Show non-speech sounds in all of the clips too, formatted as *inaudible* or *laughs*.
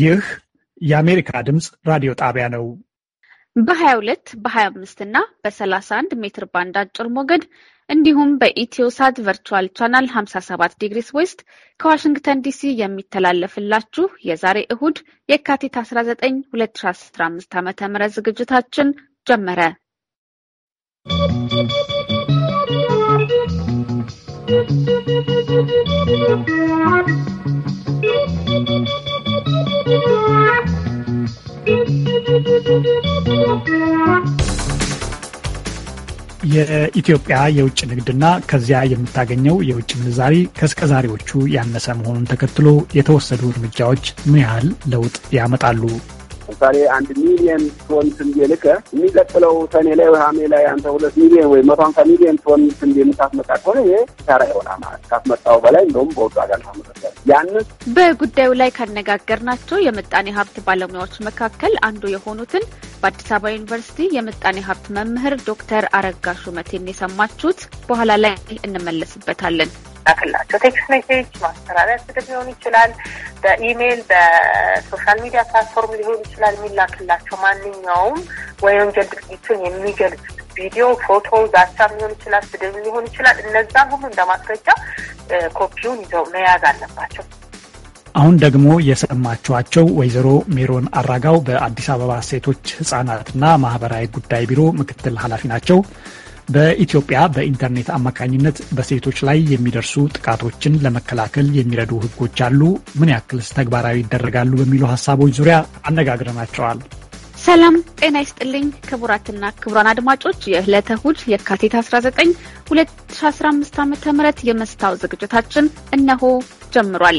ይህ የአሜሪካ ድምፅ ራዲዮ ጣቢያ ነው። በ22 በ25 እና በ31 ሜትር ባንድ አጭር ሞገድ እንዲሁም በኢትዮሳት ቨርቹዋል ቻናል 57 ዲግሪስ ዌስት ከዋሽንግተን ዲሲ የሚተላለፍላችሁ የዛሬ እሁድ የካቲት 19 2015 ም ዝግጅታችን ጀመረ። ¶¶ የኢትዮጵያ የውጭ ንግድና ከዚያ የምታገኘው የውጭ ምንዛሪ ከእስከዛሬዎቹ ያነሰ መሆኑን ተከትሎ የተወሰዱ እርምጃዎች ምን ያህል ለውጥ ያመጣሉ? ለምሳሌ አንድ ሚሊየን ቶን ስንዴ ልከ የሚቀጥለው ሰኔ ላይ ወይ ላይ አንተ ሁለት ሚሊየን ወይ መቶ ሀምሳ ሚሊየን ቶን ስንዴ የምታስመጣ ከሆነ ይሄ ሰራ ይሆናል ማለት ካስመጣው በላይ እንደውም በወጡ አጋል ታመረታል። ያንስ። በጉዳዩ ላይ ካነጋገርናቸው የምጣኔ ሀብት ባለሙያዎች መካከል አንዱ የሆኑትን በአዲስ አበባ ዩኒቨርሲቲ የምጣኔ ሀብት መምህር ዶክተር አረጋ ሹመቴን የሰማችሁት። በኋላ ላይ እንመለስበታለን። ላክላቸው። ቴክስት ሜሴጅ ማስተላለፍ ስድብ ሊሆን ይችላል። በኢሜይል በሶሻል ሚዲያ ፕላትፎርም ሊሆን ይችላል። የሚላክላቸው ማንኛውም የወንጀል ድርጊቱን የሚገልጽ ቪዲዮ፣ ፎቶ፣ ዛቻ ሊሆን ይችላል። ስድብ ሊሆን ይችላል። እነዛም ሁሉ እንደ ማስረጃ ኮፒውን ይዘው መያዝ አለባቸው። አሁን ደግሞ የሰማችኋቸው ወይዘሮ ሜሮን አራጋው በአዲስ አበባ ሴቶች ህጻናትና ማህበራዊ ጉዳይ ቢሮ ምክትል ኃላፊ ናቸው። በኢትዮጵያ በኢንተርኔት አማካኝነት በሴቶች ላይ የሚደርሱ ጥቃቶችን ለመከላከል የሚረዱ ሕጎች አሉ? ምን ያክልስ ተግባራዊ ይደረጋሉ? በሚሉ ሀሳቦች ዙሪያ አነጋግረናቸዋል። ሰላም ጤና ይስጥልኝ ክቡራትና ክቡራን አድማጮች የዕለተ እሁድ የካቲት 19 2015 ዓ ም የመስታወት ዝግጅታችን እነሆ ጀምሯል።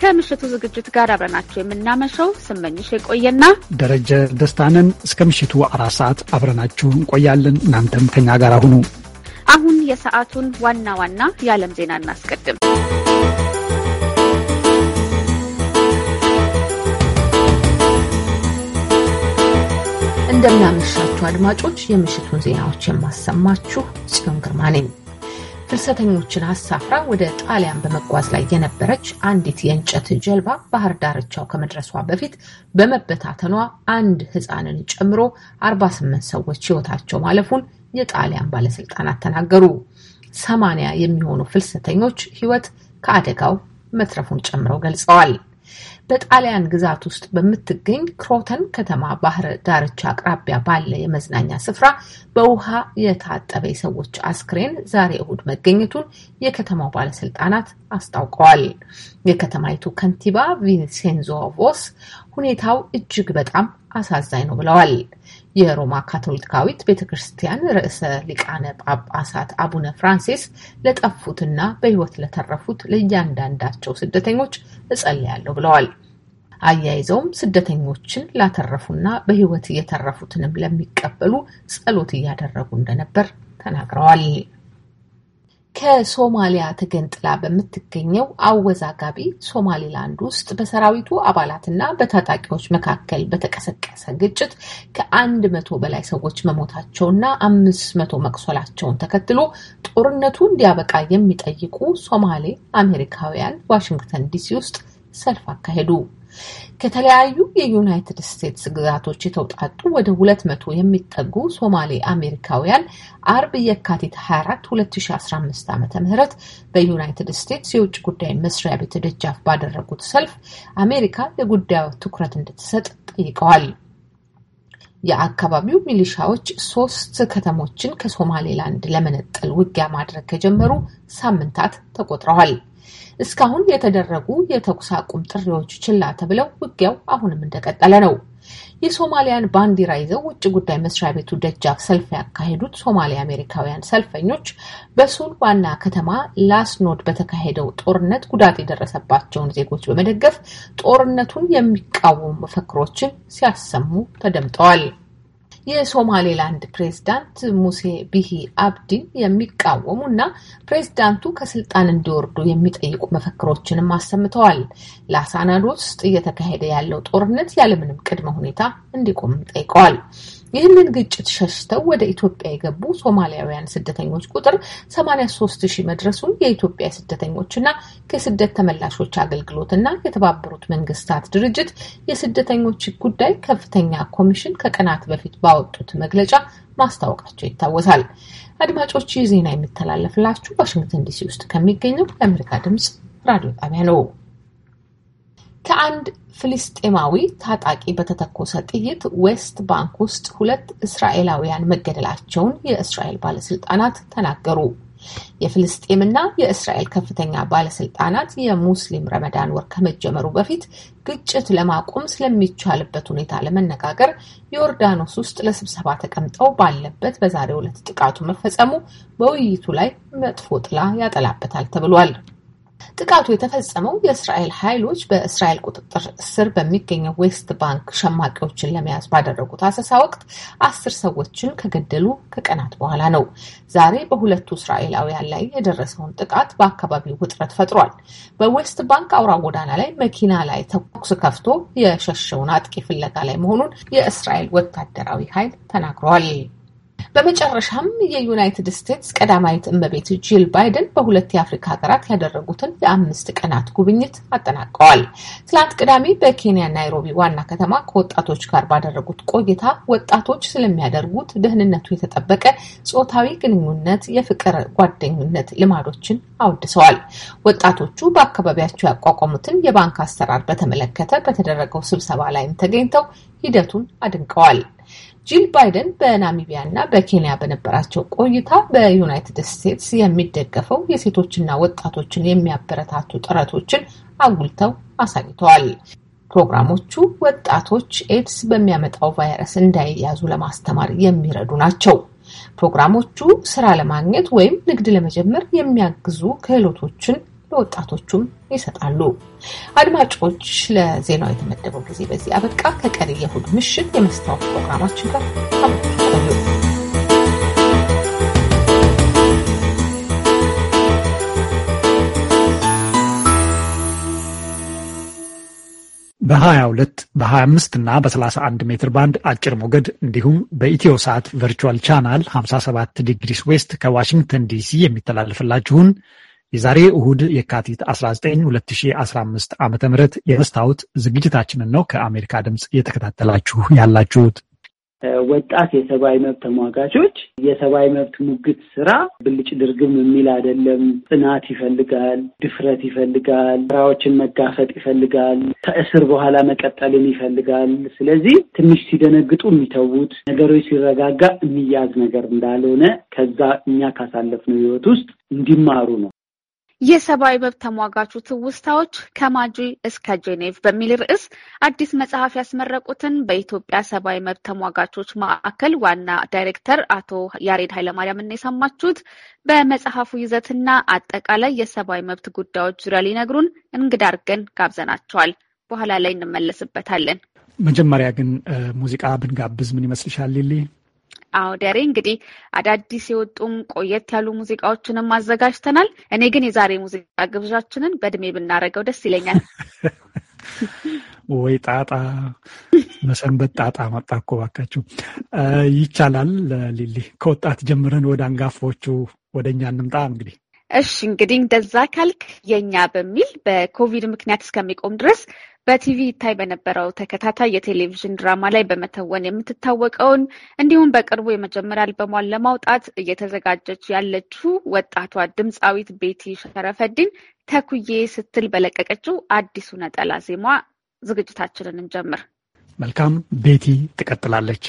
ከምሽቱ ዝግጅት ጋር አብረናችሁ የምናመሸው ስመኝሽ የቆየና ደረጀ ደስታንን እስከ ምሽቱ አራት ሰዓት አብረናችሁ እንቆያለን። እናንተም ከኛ ጋር አሁኑ አሁን የሰዓቱን ዋና ዋና የዓለም ዜና እናስቀድም። እንደምናመሻችሁ አድማጮች፣ የምሽቱን ዜናዎች የማሰማችሁ ጽዮን ግርማ ነኝ። ፍልሰተኞችን አሳፍራ ወደ ጣሊያን በመጓዝ ላይ የነበረች አንዲት የእንጨት ጀልባ ባህር ዳርቻው ከመድረሷ በፊት በመበታተኗ አንድ ሕፃንን ጨምሮ 48 ሰዎች ሕይወታቸው ማለፉን የጣሊያን ባለስልጣናት ተናገሩ። 80 የሚሆኑ ፍልሰተኞች ሕይወት ከአደጋው መትረፉን ጨምረው ገልጸዋል። በጣሊያን ግዛት ውስጥ በምትገኝ ክሮተን ከተማ ባህር ዳርቻ አቅራቢያ ባለ የመዝናኛ ስፍራ በውሃ የታጠበ የሰዎች አስክሬን ዛሬ እሁድ መገኘቱን የከተማው ባለስልጣናት አስታውቀዋል። የከተማይቱ ከንቲባ ቪንሴንዞ ቮስ ሁኔታው እጅግ በጣም አሳዛኝ ነው ብለዋል። የሮማ ካቶሊካዊት ቤተ ክርስቲያን ርዕሰ ሊቃነ ጳጳሳት አቡነ ፍራንሲስ ለጠፉትና በሕይወት ለተረፉት ለእያንዳንዳቸው ስደተኞች እጸልያለሁ ብለዋል። አያይዘውም ስደተኞችን ላተረፉና በሕይወት የተረፉትንም ለሚቀበሉ ጸሎት እያደረጉ እንደነበር ተናግረዋል። ከሶማሊያ ተገንጥላ በምትገኘው አወዛጋቢ ሶማሌላንድ ውስጥ በሰራዊቱ አባላትና በታጣቂዎች መካከል በተቀሰቀሰ ግጭት ከአንድ መቶ በላይ ሰዎች መሞታቸውና አምስት መቶ መቁሰላቸውን ተከትሎ ጦርነቱ እንዲያበቃ የሚጠይቁ ሶማሌ አሜሪካውያን ዋሽንግተን ዲሲ ውስጥ ሰልፍ አካሄዱ። ከተለያዩ የዩናይትድ ስቴትስ ግዛቶች የተውጣጡ ወደ ሁለት መቶ የሚጠጉ ሶማሌ አሜሪካውያን አርብ የካቲት 24 2015 ዓ ም በዩናይትድ ስቴትስ የውጭ ጉዳይ መስሪያ ቤት ደጃፍ ባደረጉት ሰልፍ አሜሪካ የጉዳዩ ትኩረት እንድትሰጥ ጠይቀዋል። የአካባቢው ሚሊሻዎች ሶስት ከተሞችን ከሶማሌላንድ ለመነጠል ውጊያ ማድረግ ከጀመሩ ሳምንታት ተቆጥረዋል። እስካሁን የተደረጉ የተኩስ አቁም ጥሪዎች ችላ ተብለው ውጊያው አሁንም እንደቀጠለ ነው። የሶማሊያን ባንዲራ ይዘው ውጭ ጉዳይ መስሪያ ቤቱ ደጃፍ ሰልፍ ያካሄዱት ሶማሌ አሜሪካውያን ሰልፈኞች በሱል ዋና ከተማ ላስኖድ በተካሄደው ጦርነት ጉዳት የደረሰባቸውን ዜጎች በመደገፍ ጦርነቱን የሚቃወሙ መፈክሮችን ሲያሰሙ ተደምጠዋል። የሶማሌላንድ ፕሬዝዳንት ሙሴ ቢሂ አብዲን የሚቃወሙ እና ፕሬዝዳንቱ ከስልጣን እንዲወርዱ የሚጠይቁ መፈክሮችንም አሰምተዋል። ላሳናዶ ውስጥ እየተካሄደ ያለው ጦርነት ያለምንም ቅድመ ሁኔታ እንዲቆም ጠይቀዋል። ይህንን ግጭት ሸሽተው ወደ ኢትዮጵያ የገቡ ሶማሊያውያን ስደተኞች ቁጥር 83 ሺህ መድረሱን የኢትዮጵያ ስደተኞችና ከስደት ተመላሾች አገልግሎት እና የተባበሩት መንግስታት ድርጅት የስደተኞች ጉዳይ ከፍተኛ ኮሚሽን ከቀናት በፊት ባወጡት መግለጫ ማስታወቃቸው ይታወሳል። አድማጮች ይህ ዜና የሚተላለፍላችሁ ዋሽንግተን ዲሲ ውስጥ ከሚገኘው የአሜሪካ ድምጽ ራዲዮ ጣቢያ ነው። ከአንድ ፍልስጤማዊ ታጣቂ በተተኮሰ ጥይት ዌስት ባንክ ውስጥ ሁለት እስራኤላውያን መገደላቸውን የእስራኤል ባለስልጣናት ተናገሩ። የፍልስጤምና የእስራኤል ከፍተኛ ባለስልጣናት የሙስሊም ረመዳን ወር ከመጀመሩ በፊት ግጭት ለማቆም ስለሚቻልበት ሁኔታ ለመነጋገር ዮርዳኖስ ውስጥ ለስብሰባ ተቀምጠው ባለበት በዛሬው ዕለት ጥቃቱ መፈጸሙ በውይይቱ ላይ መጥፎ ጥላ ያጠላበታል ተብሏል። ጥቃቱ የተፈጸመው የእስራኤል ኃይሎች በእስራኤል ቁጥጥር ስር በሚገኘው ዌስት ባንክ ሸማቂዎችን ለመያዝ ባደረጉት አሰሳ ወቅት አስር ሰዎችን ከገደሉ ከቀናት በኋላ ነው። ዛሬ በሁለቱ እስራኤላውያን ላይ የደረሰውን ጥቃት በአካባቢው ውጥረት ፈጥሯል። በዌስት ባንክ አውራ ጎዳና ላይ መኪና ላይ ተኩስ ከፍቶ የሸሸውን አጥቂ ፍለጋ ላይ መሆኑን የእስራኤል ወታደራዊ ኃይል ተናግረዋል። በመጨረሻም የዩናይትድ ስቴትስ ቀዳማዊት እመቤት ጂል ባይደን በሁለት የአፍሪካ ሀገራት ያደረጉትን የአምስት ቀናት ጉብኝት አጠናቀዋል። ትላንት ቅዳሜ በኬንያ ናይሮቢ ዋና ከተማ ከወጣቶች ጋር ባደረጉት ቆይታ ወጣቶች ስለሚያደርጉት ደህንነቱ የተጠበቀ ጾታዊ ግንኙነት፣ የፍቅር ጓደኝነት ልማዶችን አወድሰዋል። ወጣቶቹ በአካባቢያቸው ያቋቋሙትን የባንክ አሰራር በተመለከተ በተደረገው ስብሰባ ላይም ተገኝተው ሂደቱን አድንቀዋል። ጂል ባይደን በናሚቢያ እና በኬንያ በነበራቸው ቆይታ በዩናይትድ ስቴትስ የሚደገፈው የሴቶችና ወጣቶችን የሚያበረታቱ ጥረቶችን አጉልተው አሳይተዋል። ፕሮግራሞቹ ወጣቶች ኤድስ በሚያመጣው ቫይረስ እንዳይያዙ ለማስተማር የሚረዱ ናቸው። ፕሮግራሞቹ ስራ ለማግኘት ወይም ንግድ ለመጀመር የሚያግዙ ክህሎቶችን ለወጣቶቹም ይሰጣሉ። አድማጮች፣ ለዜናው የተመደበው ጊዜ በዚህ አበቃ። ከቀሪ የእሁድ ምሽት የመስታወት ፕሮግራማችን ጋር አብራችሁ ቆዩ። በ22 በ25 እና በ31 ሜትር ባንድ አጭር ሞገድ እንዲሁም በኢትዮ ሰዓት ቨርቹዋል ቻናል 57 ዲግሪስ ዌስት ከዋሽንግተን ዲሲ የሚተላለፍላችሁን የዛሬ እሁድ የካቲት 19 2015 ዓ ም የመስታወት ዝግጅታችንን ነው ከአሜሪካ ድምፅ እየተከታተላችሁ ያላችሁት። ወጣት የሰብአዊ መብት ተሟጋቾች የሰብአዊ መብት ሙግት ስራ ብልጭ ድርግም የሚል አይደለም። ጽናት ይፈልጋል፣ ድፍረት ይፈልጋል፣ ስራዎችን መጋፈጥ ይፈልጋል፣ ከእስር በኋላ መቀጠልን ይፈልጋል። ስለዚህ ትንሽ ሲደነግጡ የሚተዉት ነገሮች ሲረጋጋ የሚያዝ ነገር እንዳልሆነ ከዛ እኛ ካሳለፍነው ህይወት ውስጥ እንዲማሩ ነው። የሰብአዊ መብት ተሟጋቹ ትውስታዎች ከማጂ እስከ ጄኔቭ በሚል ርዕስ አዲስ መጽሐፍ ያስመረቁትን በኢትዮጵያ ሰብአዊ መብት ተሟጋቾች ማዕከል ዋና ዳይሬክተር አቶ ያሬድ ና የሰማችሁት። በመጽሐፉ ይዘትና አጠቃላይ የሰብአዊ መብት ጉዳዮች ዙሪያ ሊነግሩን እንግዳ አድርገን ጋብዘናቸዋል። በኋላ ላይ እንመለስበታለን። መጀመሪያ ግን ሙዚቃ ብንጋብዝ ምን ይመስልሻል ሊሊ? አውደሬ እንግዲህ አዳዲስ የወጡም ቆየት ያሉ ሙዚቃዎችንም አዘጋጅተናል። እኔ ግን የዛሬ ሙዚቃ ግብዣችንን በእድሜ ብናደርገው ደስ ይለኛል። *laughs* ወይ ጣጣ መሰንበት ጣጣ መጣ እኮ ይቻላል። ሊሊ ከወጣት ጀምረን ወደ አንጋፋዎቹ ወደ እኛ እንምጣ እንግዲህ እሺ እንግዲህ እንደዛ ካልክ የኛ በሚል በኮቪድ ምክንያት እስከሚቆም ድረስ በቲቪ ይታይ በነበረው ተከታታይ የቴሌቪዥን ድራማ ላይ በመተወን የምትታወቀውን እንዲሁም በቅርቡ የመጀመሪያ አልበሟን ለማውጣት እየተዘጋጀች ያለችው ወጣቷ ድምፃዊት ቤቲ ሸረፈዲን ተኩዬ ስትል በለቀቀችው አዲሱ ነጠላ ዜማ ዝግጅታችንን እንጀምር። መልካም ቤቲ ትቀጥላለች።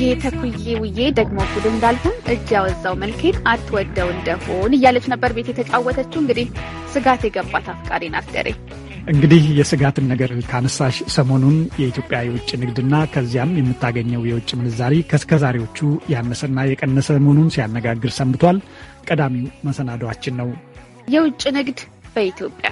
ውዬ ተኩዬ ውዬ ደግሞ ጉድ እንዳልሁን እጅ ያወዛው መልኬን አትወደው እንደሆን እያለች ነበር ቤት የተጫወተችው። እንግዲህ ስጋት የገባት አፍቃሪ ናት ደሬ። እንግዲህ የስጋትን ነገር ካነሳሽ ሰሞኑን የኢትዮጵያ የውጭ ንግድና ከዚያም የምታገኘው የውጭ ምንዛሪ ከእስከዛሬዎቹ ያነሰና የቀነሰ መሆኑን ሲያነጋግር ሰንብቷል። ቀዳሚው መሰናዷችን ነው የውጭ ንግድ በኢትዮጵያ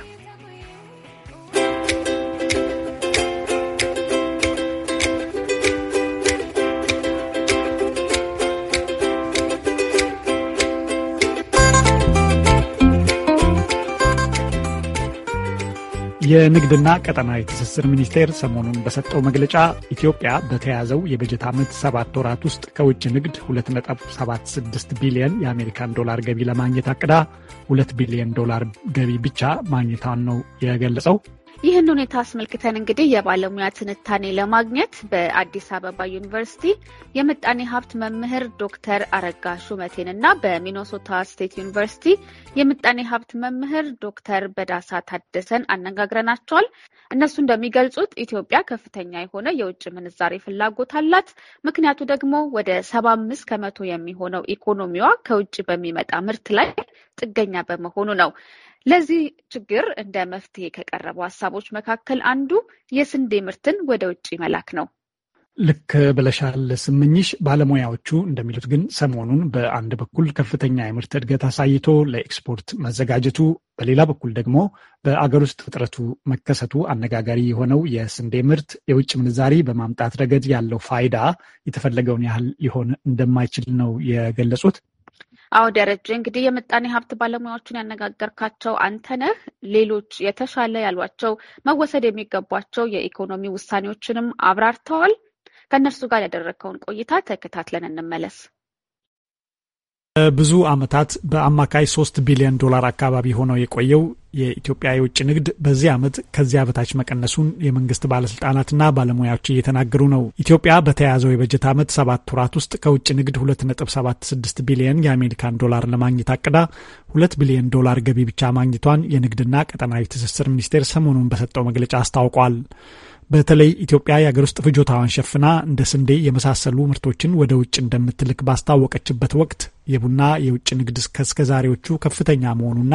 የንግድና ቀጠናዊ ትስስር ሚኒስቴር ሰሞኑን በሰጠው መግለጫ ኢትዮጵያ በተያዘው የበጀት ዓመት ሰባት ወራት ውስጥ ከውጭ ንግድ 2.76 ቢሊዮን የአሜሪካን ዶላር ገቢ ለማግኘት አቅዳ 2 ቢሊዮን ዶላር ገቢ ብቻ ማግኘቷን ነው የገለጸው። ይህን ሁኔታ አስመልክተን እንግዲህ የባለሙያ ትንታኔ ለማግኘት በአዲስ አበባ ዩኒቨርሲቲ የምጣኔ ሀብት መምህር ዶክተር አረጋ ሹመቴን እና በሚኖሶታ ስቴት ዩኒቨርሲቲ የምጣኔ ሀብት መምህር ዶክተር በዳሳ ታደሰን አነጋግረናቸዋል። እነሱ እንደሚገልጹት ኢትዮጵያ ከፍተኛ የሆነ የውጭ ምንዛሬ ፍላጎት አላት። ምክንያቱ ደግሞ ወደ ሰባ አምስት ከመቶ የሚሆነው ኢኮኖሚዋ ከውጭ በሚመጣ ምርት ላይ ጥገኛ በመሆኑ ነው። ለዚህ ችግር እንደ መፍትሄ ከቀረቡ ሀሳቦች መካከል አንዱ የስንዴ ምርትን ወደ ውጭ መላክ ነው። ልክ ብለሻል ስምኝሽ። ባለሙያዎቹ እንደሚሉት ግን ሰሞኑን በአንድ በኩል ከፍተኛ የምርት እድገት አሳይቶ ለኤክስፖርት መዘጋጀቱ፣ በሌላ በኩል ደግሞ በአገር ውስጥ እጥረቱ መከሰቱ አነጋጋሪ የሆነው የስንዴ ምርት የውጭ ምንዛሪ በማምጣት ረገድ ያለው ፋይዳ የተፈለገውን ያህል ሊሆን እንደማይችል ነው የገለጹት። አዎ ደረጀ፣ እንግዲህ የምጣኔ ሀብት ባለሙያዎችን ያነጋገርካቸው አንተነህ ሌሎች የተሻለ ያሏቸው መወሰድ የሚገቧቸው የኢኮኖሚ ውሳኔዎችንም አብራርተዋል። ከእነርሱ ጋር ያደረግከውን ቆይታ ተከታትለን እንመለስ። ለብዙ ዓመታት በአማካይ ሶስት ቢሊዮን ዶላር አካባቢ ሆነው የቆየው የኢትዮጵያ የውጭ ንግድ በዚህ ዓመት ከዚያ በታች መቀነሱን የመንግስት ባለስልጣናትና ባለሙያዎች እየተናገሩ ነው። ኢትዮጵያ በተያያዘው የበጀት ዓመት ሰባት ወራት ውስጥ ከውጭ ንግድ 2.76 ቢሊዮን የአሜሪካን ዶላር ለማግኘት አቅዳ 2 ቢሊዮን ዶላር ገቢ ብቻ ማግኘቷን የንግድና ቀጠናዊ ትስስር ሚኒስቴር ሰሞኑን በሰጠው መግለጫ አስታውቋል። በተለይ ኢትዮጵያ የአገር ውስጥ ፍጆታዋን ሸፍና እንደ ስንዴ የመሳሰሉ ምርቶችን ወደ ውጭ እንደምትልክ ባስታወቀችበት ወቅት የቡና የውጭ ንግድ ከስከዛሬዎቹ ከፍተኛ መሆኑና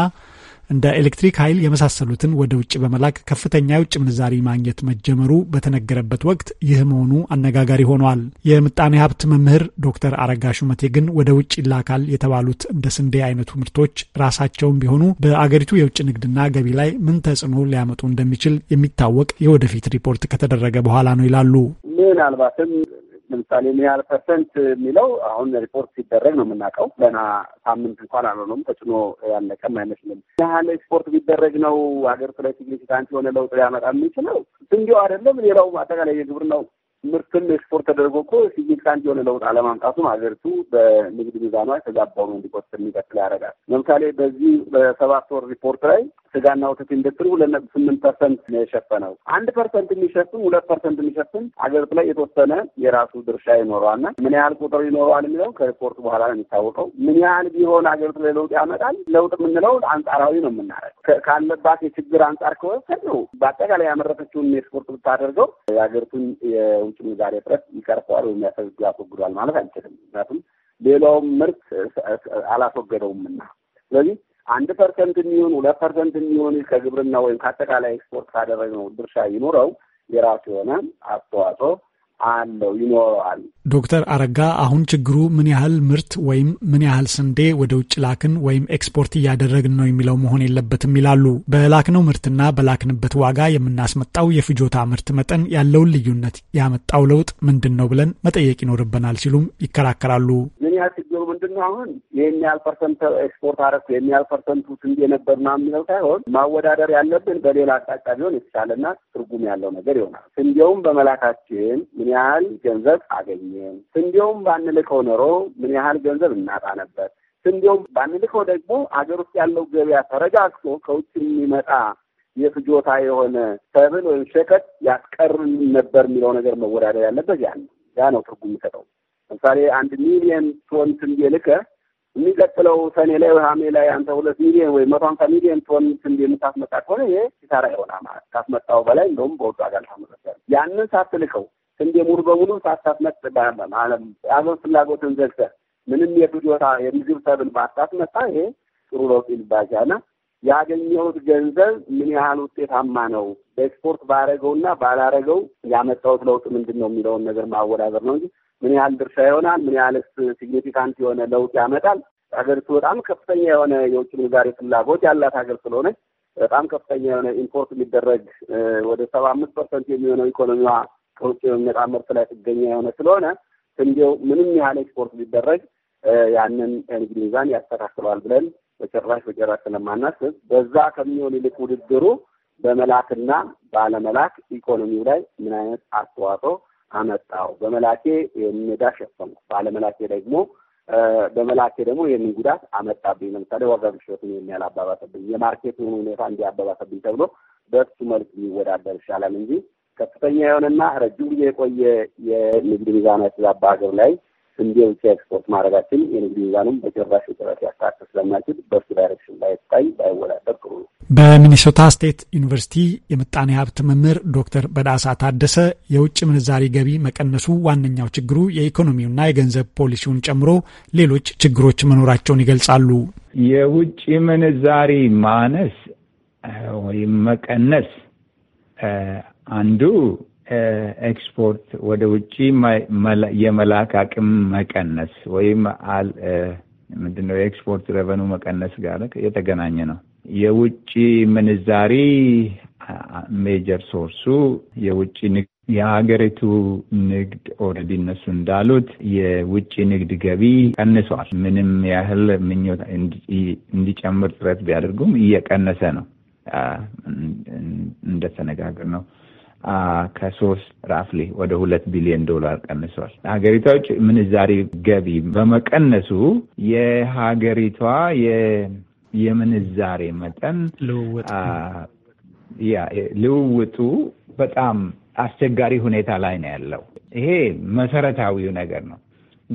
እንደ ኤሌክትሪክ ኃይል የመሳሰሉትን ወደ ውጭ በመላክ ከፍተኛ የውጭ ምንዛሪ ማግኘት መጀመሩ በተነገረበት ወቅት ይህ መሆኑ አነጋጋሪ ሆኗል። የምጣኔ ሀብት መምህር ዶክተር አረጋ ሹመቴ ግን ወደ ውጭ ይላካል የተባሉት እንደ ስንዴ አይነቱ ምርቶች ራሳቸውም ቢሆኑ በአገሪቱ የውጭ ንግድና ገቢ ላይ ምን ተጽዕኖ ሊያመጡ እንደሚችል የሚታወቅ የወደፊት ሪፖርት ከተደረገ በኋላ ነው ይላሉ። ምናልባትም ለምሳሌ ምን ያህል ፐርሰንት የሚለው አሁን ሪፖርት ሲደረግ ነው የምናውቀው። ገና ሳምንት እንኳን አልሆነም። ተጭኖ ያለቀም አይመስልም። ምን ያህል ኤክስፖርት ቢደረግ ነው ሀገሪቱ ላይ ሲግኒፊካንት የሆነ ለውጥ ሊያመጣ የሚችለው ስንዴው አይደለም፣ ሌላው አጠቃላይ የግብርናው ምርትም ኤክስፖርት ተደርጎ እኮ ሲግኒፊካንት የሆነ ለውጥ አለማምጣቱም ሀገሪቱ በንግድ ሚዛኗ የተዛባ ነው እንዲቆጥር የሚቀጥል ያደርጋል። ለምሳሌ በዚህ በሰባት ወር ሪፖርት ላይ ስጋና ወተት ኢንዱስትሪ ሁለት ነጥብ ስምንት ፐርሰንት ነው የሸፈነው። አንድ ፐርሰንት የሚሸፍን ሁለት ፐርሰንት የሚሸፍን ሀገሪቱ ላይ የተወሰነ የራሱ ድርሻ ይኖረዋልና ምን ያህል ቁጥር ይኖረዋል የሚለው ከሪፖርቱ በኋላ ነው የሚታወቀው። ምን ያህል ቢሆን ሀገሪቱ ላይ ለውጥ ያመጣል? ለውጥ የምንለው አንጻራዊ ነው የምናደርገው ካለባት የችግር አንጻር ከወሰድ ነው። በአጠቃላይ ያመረተችውን ኤክስፖርት ብታደርገው የሀገሪቱን የውጭ ምንዛሬ እጥረት ይቀርፈዋል ወይም ያስወግዷል ማለት አንችልም። ምክንያቱም ሌላውም ምርት አላስወገደውምና ስለዚህ አንድ ፐርሰንት የሚሆን ሁለት ፐርሰንት የሚሆን ከግብርና ወይም ከአጠቃላይ ኤክስፖርት ካደረግነው ድርሻ ይኖረው የራሱ የሆነ አስተዋጽኦ አለው ይኖረዋል። ዶክተር አረጋ አሁን ችግሩ ምን ያህል ምርት ወይም ምን ያህል ስንዴ ወደ ውጭ ላክን ወይም ኤክስፖርት እያደረግን ነው የሚለው መሆን የለበትም ይላሉ። በላክነው ምርትና በላክንበት ዋጋ የምናስመጣው የፍጆታ ምርት መጠን ያለውን ልዩነት ያመጣው ለውጥ ምንድን ነው ብለን መጠየቅ ይኖርብናል ሲሉም ይከራከራሉ። ምን ያህል ችግሩ ምንድን ነው? አሁን ይህን ያህል ፐርሰንት ኤክስፖርት አረ ይህን ያህል ፐርሰንቱ ስንዴ ነበር ና የሚለው ሳይሆን ማወዳደር ያለብን በሌላ አቅጣጫ ቢሆን የተሻለና ትርጉም ያለው ነገር ይሆናል። ስንዴውም በመላካችን ያህል ገንዘብ አገኘን፣ ስንዴውም ባንልከው ኖሮ ምን ያህል ገንዘብ እናጣ ነበር፣ ስንዴውም ባንልከው ደግሞ አገር ውስጥ ያለው ገበያ ተረጋግቶ ከውጭ የሚመጣ የፍጆታ የሆነ ሰብል ወይም ሸቀጥ ያስቀርን ነበር የሚለው ነገር መወዳደር ያለበት ያ ነው። ያ ነው ትርጉም የሚሰጠው። ለምሳሌ አንድ ሚሊየን ቶን ስንዴ ልከ የሚቀጥለው ሰኔ ላይ ወይ ሐምሌ ላይ አንተ ሁለት ሚሊየን ወይ መቶ ሀምሳ ሚሊየን ቶን ስንዴ የምታስመጣ ከሆነ ይሄ ኪሳራ ይሆናል ማለት ካስመጣው በላይ እንደውም በወጡ አጋል ታመጠሰል ያንን ሳትልከው እንዴ ሙሉ በሙሉ ሳታስመጥ ማለት የአገር ፍላጎትን ዘግተህ ምንም የፍጆታ የምግብ ሰብል ባታስመጣ ይሄ ጥሩ ለውጥ ይልባሻና ያገኘሁት ገንዘብ ምን ያህል ውጤታማ ነው፣ በኤክስፖርት ባረገውና ባላረገው ያመጣሁት ለውጥ ምንድን ነው የሚለውን ነገር ማወዳደር ነው እንጂ ምን ያህል ድርሻ ይሆናል፣ ምን ያህልስ ሲግኒፊካንት የሆነ ለውጥ ያመጣል። ሀገሪቱ በጣም ከፍተኛ የሆነ የውጭ ምንዛሬ ፍላጎት ያላት ሀገር ስለሆነች በጣም ከፍተኛ የሆነ ኢምፖርት የሚደረግ ወደ ሰባ አምስት ፐርሰንት የሚሆነው ኢኮኖሚዋ ከውጭ በሚመጣ ምርት ላይ ጥገኛ የሆነ ስለሆነ ስንዴው ምንም ያህል ኤክስፖርት ቢደረግ ያንን ንግድ ሚዛን ያስተካክለዋል ብለን በጭራሽ በጭራሽ ስለማናስብ በዛ ከሚሆን ይልቅ ውድድሩ በመላክና ባለመላክ ኢኮኖሚው ላይ ምን አይነት አስተዋጽኦ አመጣው? በመላኬ ሜዳ ሸፈንኩ፣ ባለመላኬ ደግሞ በመላኬ ደግሞ ይህንን ጉዳት አመጣብኝ። ለምሳሌ ዋጋ ግሽበትን የሚያል አባባሰብኝ፣ የማርኬቱን ሁኔታ አባባሰብኝ ተብሎ በእሱ መልክ ሊወዳደር ይሻላል እንጂ ከፍተኛ የሆነና ረጅም ጊዜ የቆየ የንግድ ሚዛን ያስተዛባ ሀገር ላይ ስንዴ ብቻ ኤክስፖርት ማድረጋችን የንግድ ሚዛኑም በጭራሽ እጥረት ያስተካክል ስለማይችል በእሱ ዳይሬክሽን ላይ ታይ ባይወዳደር ጥሩ ነው። በሚኒሶታ ስቴት ዩኒቨርሲቲ የምጣኔ ሀብት መምህር ዶክተር በዳሳ ታደሰ የውጭ ምንዛሪ ገቢ መቀነሱ ዋነኛው ችግሩ የኢኮኖሚውና የገንዘብ ፖሊሲውን ጨምሮ ሌሎች ችግሮች መኖራቸውን ይገልጻሉ። የውጭ ምንዛሪ ማነስ ወይም መቀነስ አንዱ ኤክስፖርት ወደ ውጭ የመላክ አቅም መቀነስ ወይም አል ምንድነው የኤክስፖርት ረቨኑ መቀነስ ጋር የተገናኘ ነው። የውጭ ምንዛሪ ሜጀር ሶርሱ የውጭ ንግድ የሀገሪቱ ንግድ ኦልሬዲ እነሱ እንዳሉት የውጭ ንግድ ገቢ ቀንሷል። ምንም ያህል ምኞት እንዲጨምር ጥረት ቢያደርጉም እየቀነሰ ነው። እንደተነጋገር ነው ከሶስት ራፍሌ ወደ ሁለት ቢሊዮን ዶላር ቀንሷል። ሀገሪቷ ውጭ ምንዛሪ ገቢ በመቀነሱ የሀገሪቷ የምንዛሬ መጠን ልውውጡ በጣም አስቸጋሪ ሁኔታ ላይ ነው ያለው። ይሄ መሰረታዊው ነገር ነው።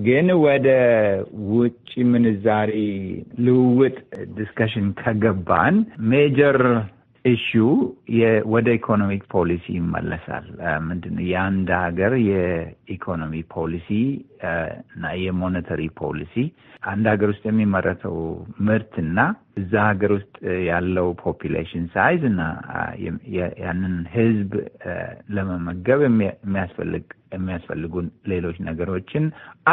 ግን ወደ ውጭ ምንዛሪ ልውውጥ ዲስከሽን ከገባን ሜጀር እሹ ወደ ኢኮኖሚክ ፖሊሲ ይመለሳል። ምንድን የአንድ ሀገር የኢኮኖሚ ፖሊሲ እና የሞኔተሪ ፖሊሲ አንድ ሀገር ውስጥ የሚመረተው ምርት እና እዛ ሀገር ውስጥ ያለው ፖፒሌሽን ሳይዝ እና ያንን ህዝብ ለመመገብ የሚያስፈልግ የሚያስፈልጉን ሌሎች ነገሮችን